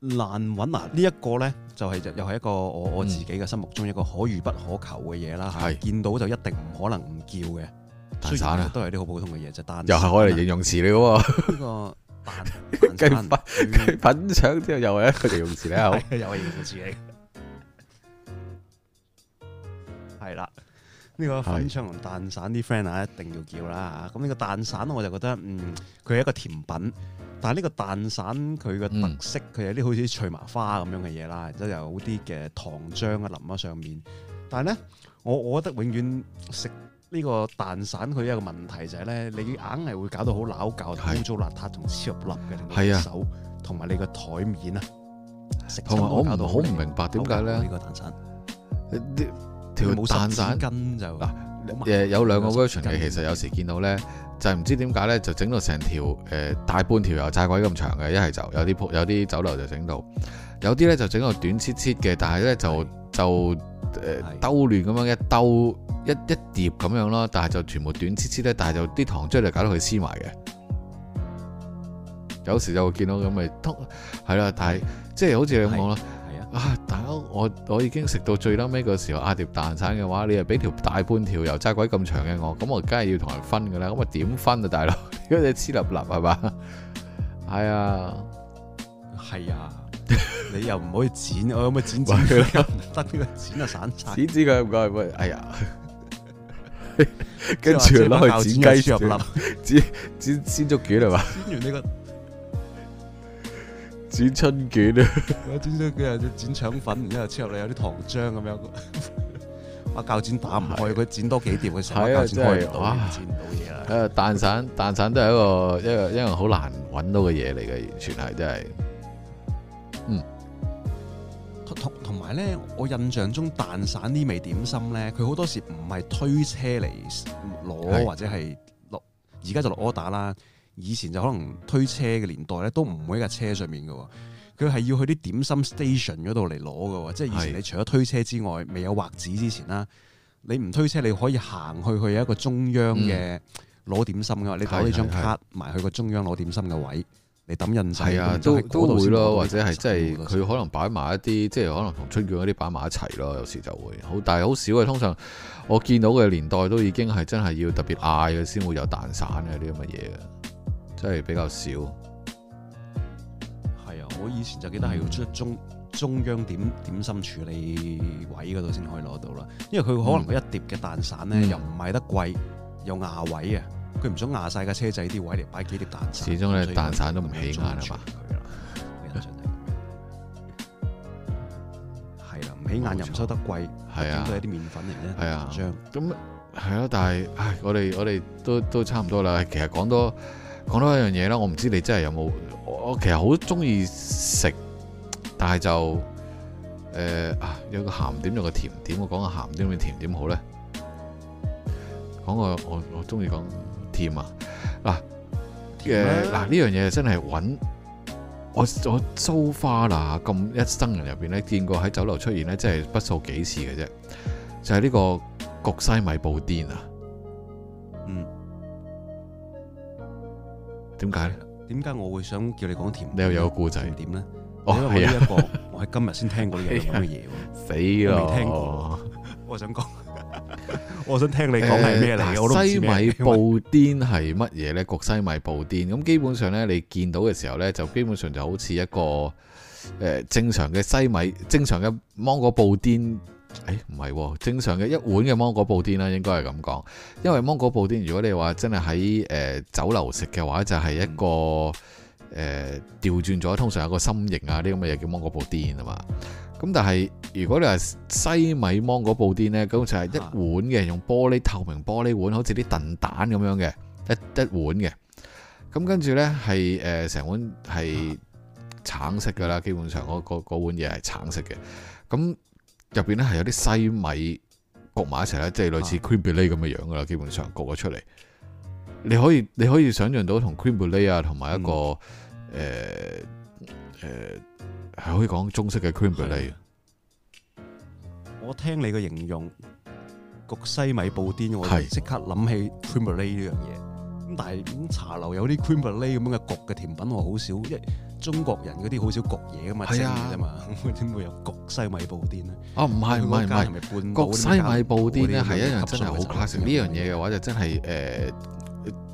難搵啊！呢一個咧，就係、是、又係一個我我自己嘅心目中一個可遇不可求嘅嘢啦吓，嗯、見到就一定唔可能唔叫嘅。都係，啲好普通嘅嘢，就係蛋散，又係可以嚟。形容詞嚟嘅。呢個粉粉粉粉腸，之後又係一個形容詞嚟，又係形容詞嚟。係啦， 呢、這個粉腸同蛋散啲 friend 啊，一定要叫啦，咁呢個蛋散，我就覺得嗯，佢係一個甜品，但係呢個蛋散佢個特色，佢有啲好似脆麻花咁樣嘅嘢啦，然之後又好啲嘅糖漿啊淋喺上面。但係咧，我我覺得永遠食。呢個蛋散佢一個問題就係咧，你硬係會搞到好撈舊、污糟邋遢同黐核核嘅手，同埋你個台面啊，同埋我唔好唔明白點解咧？呢個蛋散條蛋散根就誒有兩個 version 嘅，其實有時見到咧，就係唔知點解咧，就整到成條誒大半條油炸鬼咁長嘅，一係就有啲鋪，有啲酒樓就整到，有啲咧就整到短切切嘅，但係咧就就誒兜亂咁樣一兜。一一碟咁樣咯，但係就全部短黐黐咧，但係就啲糖漿就搞到佢黐埋嘅。有時就會見到咁咪，係啦，但係即係好似你講啦，啊大佬，我我已經食到最尾嘅時候，阿、啊、碟蛋散嘅話，你又俾條大半條油炸鬼咁長嘅我，咁我梗係要同人分噶啦，咁啊點分啊大佬？因為你黐立立係嘛？係啊，係、哎、啊，你又唔可以剪， 我有乜剪剪佢？得呢個剪就、啊、散，散 剪紙佢唔該，哎呀～跟住攞去剪雞腳，剪剪鮮竹卷係嘛？剪完呢個，剪春卷咧，剪春卷要剪腸粉，然之後切入嚟有啲糖漿咁樣，把鉸剪打唔開，佢的剪多幾條佢，手把鉸剪開唔到，的剪唔到嘢啦。誒哇，蛋散蛋散都係一個一個一個好難搵到嘅嘢嚟嘅，完全係真係，嗯。同埋咧，我印象中蛋散呢味點心咧，佢好多時唔係推車嚟攞，是或者係落，而家就落柯打啦。以前就可能推車嘅年代咧，都唔會喺架車上面嘅。佢係要去啲點心 station 嗰度嚟攞嘅，即係以前你除咗推車之外，未是有畫紙之前啦，你唔推車你可以行去去一個中央嘅攞點心嘅，嗯、你攞呢張卡埋去個中央攞點心嘅位置。你抌印成，係啊，都都會咯，或者係即係佢可能擺埋一啲，即係可能同春卷嗰啲擺埋一齊咯。有時就會，好，但係好少嘅。通常我見到嘅年代都已經係真係要特別嗌嘅先會有蛋散啊啲咁嘅嘢嘅，真係比較少。係、嗯、啊，我以前就記得係要出中、嗯、中央點點心處理位嗰度先可以攞到啦，因為佢可能一碟嘅蛋散咧、嗯、又唔係得貴，有牙位啊。佢唔想壓晒架車仔啲位嚟擺幾碟蛋散，始終咧蛋散都唔起眼啊嘛。係啦，唔 起眼又唔收得貴，係啊，都係啲麵粉嚟咧，嘛，係啊。咁係咯，但係唉，我哋我哋都都差唔多啦。其實講多講多一樣嘢啦，我唔知你真係有冇我其實好中意食，但係就誒啊、呃，有個鹹點有個甜點，我講個鹹點定甜點好咧？講個我我中意講。啊嗱，誒、啊，嗱呢樣嘢真係穩塞，我我收花啦，咁一生人入邊咧，見過喺酒樓出現咧，真係不數幾次嘅啫，就係、是、呢個焗西米布甸啊，嗯，點解咧？點解我會想叫你講甜，甜？你又有，有個故仔點咧？因、哦啊、我呢、這、一個， 我喺今日先聽過呢樣咁嘅嘢，死啊！未聽過。 我想講，我想聽你講係咩嚟？ 西米布甸係乜嘢呢？焗西米布甸咁基本上呢，你見到嘅時候呢，就基本上就好似一個誒正常嘅西米，正常嘅芒果布甸。誒、哎，唔係、哦，正常嘅一碗嘅芒果布甸啦，應該係咁講。因為芒果布甸如果你話真係喺誒酒樓食嘅話，就係一個。誒、呃、調轉咗，通常有個心形啊，啲咁嘅嘢叫芒果布甸啊嘛。咁但係如果你係西米芒果布甸咧，咁就係一碗嘅，用玻璃透明玻璃碗，好似啲燉蛋咁樣嘅一一碗嘅。咁跟住咧係成碗係橙色噶啦，基本上嗰碗嘢係橙色嘅。咁入面咧係有啲西米焗埋一齊啦，即係類似 crème brûlée 咁嘅樣噶啦，基本上焗咗出嚟。你可以你可以想像到同 crème brûlée 啊，同埋一個誒誒係可以講中式嘅 crème brûlée。我聽你嘅形容焗西米布甸，我即刻諗起 crème brûlée 呢樣嘢。咁但係茶樓有啲 crème brûlée 咁樣嘅焗嘅甜品，我好少，因為中國人嗰啲好少焗嘢噶嘛，的蒸嘢嘛，點會有焗西米布甸咧？啊，唔係唔係唔係係半部焗西米布甸咧，係一樣真係好 classic 呢樣嘢嘅話，就真係誒。嗯呃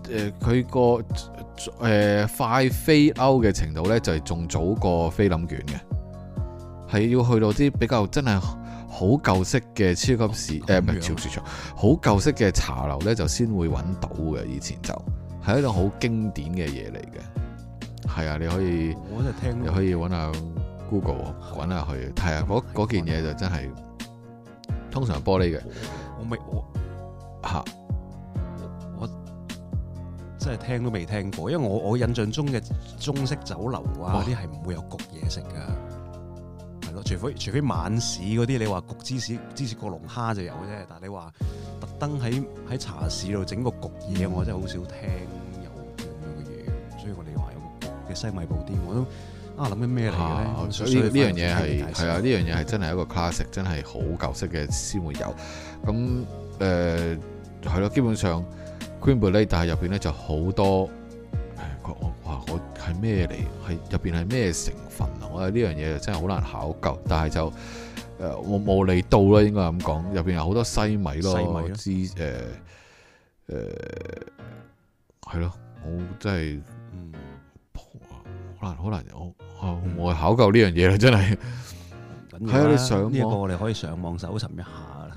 誒，佢個誒快飛歐嘅程度咧，就係仲早過菲林卷嘅，係要去到啲比較真係好舊式嘅超級市誒，唔係超市場，好舊式嘅茶樓咧，就先會揾到嘅。以前就係一種好經典嘅嘢嚟嘅，係啊，你可以，我就聽，你可以揾下 Google 揾的下佢，係啊的，嗰件嘢就真係通常玻璃嘅，我未我吓。真係聽都未聽過，因為我我印象中嘅中式酒樓啊嗰啲係唔會有焗嘢食㗎，係咯，除非除非晚市嗰啲，你話焗芝士、芝士焗龍蝦就有啫。但係你話特登喺喺茶市度整個焗嘢，嗯、我真係好少聽有咁樣嘅嘢。所以我哋話有個焗嘅西米布丁，我都啊諗緊咩嚟。所以呢樣嘢係係啊，呢樣嘢係真係一個 classic，真係好舊式嘅先會有。咁誒係咯，基本上。Greenberry，但係入邊咧就好多誒，我我話我係咩嚟？係入邊係咩成分啊？我覺得呢樣嘢真係好難考究，但係就誒、呃，我冇理到啦，應該係咁講。入邊有好多西米咯，西米之誒誒係咯我、呃呃，我真係嗯好難好難，我、嗯、我考究呢樣嘢啦，真係。係啊、哎，你上呢一個，你可以上網搜尋一下。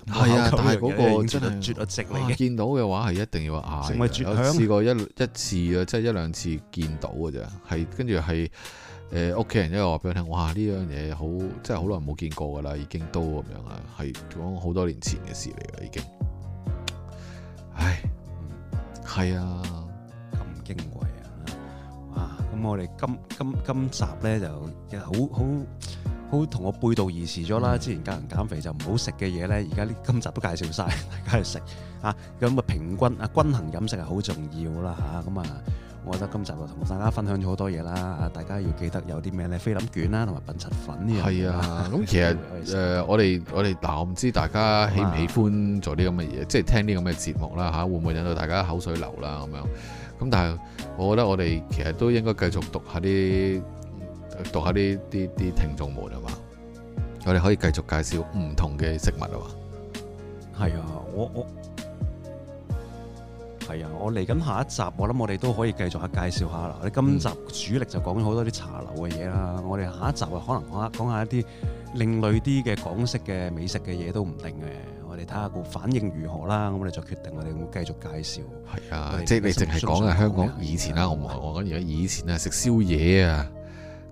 係啊，但係嗰個真係絕迹嚟嘅。見到嘅話係一定要嗌。絕我試過一次，就是，一次啊，即係一兩次見到嘅啫。係跟住係誒，屋企，呃，人一路話俾我聽，哇！呢樣嘢好，即係好耐冇見過噶啦，已經都咁樣啊，係好多年前嘅事嚟啦，已經。唉，係啊，咁矜貴啊！啊，咁我哋今今今集咧就，好好。好同我背道而馳咗啦！之前教人減肥就唔好食嘅嘢咧，而家呢今集都介紹晒大家去食啊咁啊，平均啊均衡飲食係好重要啦嚇！咁啊，我覺得今集就同大家分享咗好多嘢啦，大家要記得有啲咩咧，菲林卷啦，同埋品七粉品陳粉呢樣。係啊，咁其實誒、嗯，我哋我哋但我唔知大家喜唔喜歡做啲咁嘅嘢，即係是、啊、聽啲咁嘅節目啦嚇，會唔會引到大家口水流啦咁樣？咁但係我覺得我哋其實都應該繼續讀下啲。讀下啲啲啲聽眾們啊嘛，我哋可以繼續介紹唔同嘅食物啊嘛。係啊，我我係啊，我嚟緊下一集，我諗我哋都可以繼續介紹下啦。我哋今集主力就講咗好多啲茶樓嘅嘢啦，嗯、我哋下一集啊，可能講下講下一啲另類啲嘅港式嘅美食嘅嘢都唔定嘅，我哋睇下個反應如何啦，咁我哋就決定我哋會繼續介紹。係啊，們即係是你淨係講啊，香港以前啦，啊、我唔係我講而家以前啊，食宵夜啊。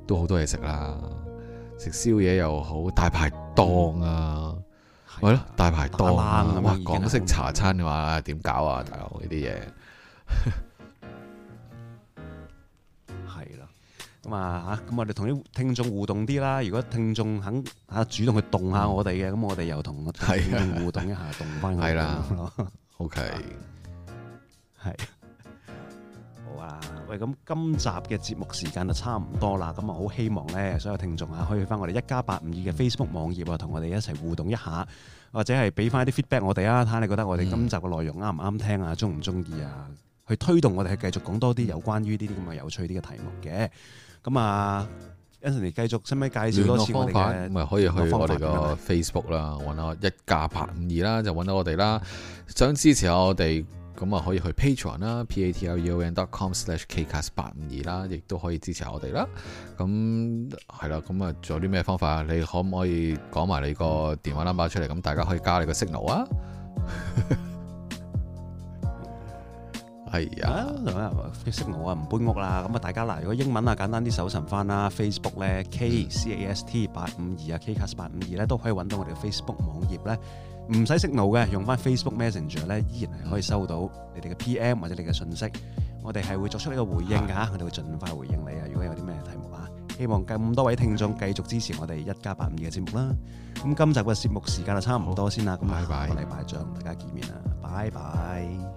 都好多嘢食啦，食宵夜又好，大排檔啊，係咯，大排檔啊，哇，港式茶餐嘅話點搞啊？大佬呢啲嘢，係啦，咁啊吓，咁我哋同啲聽眾互動啲啦。如果聽眾肯啊主動去動下我哋嘅，咁我哋又同聽眾互動一下動去，動翻佢。係啦，OK，係。好啊！喂，咁今集嘅節目時間就差唔多啦，咁啊好希望咧，所有聽眾啊，可以翻我哋一加八五二嘅 Facebook 網頁啊，同我哋一齊互動一下，或者係俾翻啲 feedback 我哋啊，睇下你覺得我哋今集嘅內容啱唔啱聽啊，中唔中意啊？去推動我哋去繼續講多啲有關於呢啲咁嘅有趣啲嘅題目嘅。咁啊，Anthony 繼續，使唔使介紹多次我哋嘅方法？唔係可以去我哋個 Facebook 啦吧，搵下一加八五二啦，就搵到我哋啦。想支持下我哋。咁啊，就可以去 Patreon 啦，p, on, P a t l u、e、n dot com slash kcast 八五二啦，亦都可以支持我哋啦。咁係啦，咁啊，仲有啲咩方法啊？你可唔可以講埋你個電話 number 出嚟？咁大家可以加你個 signal 啊。係啊，signal 啊，唔搬屋啦。咁啊，大家嗱，如果英文啊簡單啲，搜尋翻啦。Facebook 咧，k c a s t 八五二啊，kcast 八五二咧，2，都可以揾到我哋嘅 Facebook 網頁咧。唔使 Signal 嘅，用翻 Facebook Messenger 咧，依然係可以收到你哋嘅 PM 或者你嘅信息。我哋係會作出呢個回應噶，的我哋會盡快回應你啊！如果有啲咩題目啊，希望咁多位聽眾繼續支持我哋一家八五二嘅節目啦。咁今集嘅節目時間就差唔多先啦。咁拜拜，個，禮拜再同大家見面啦，拜拜。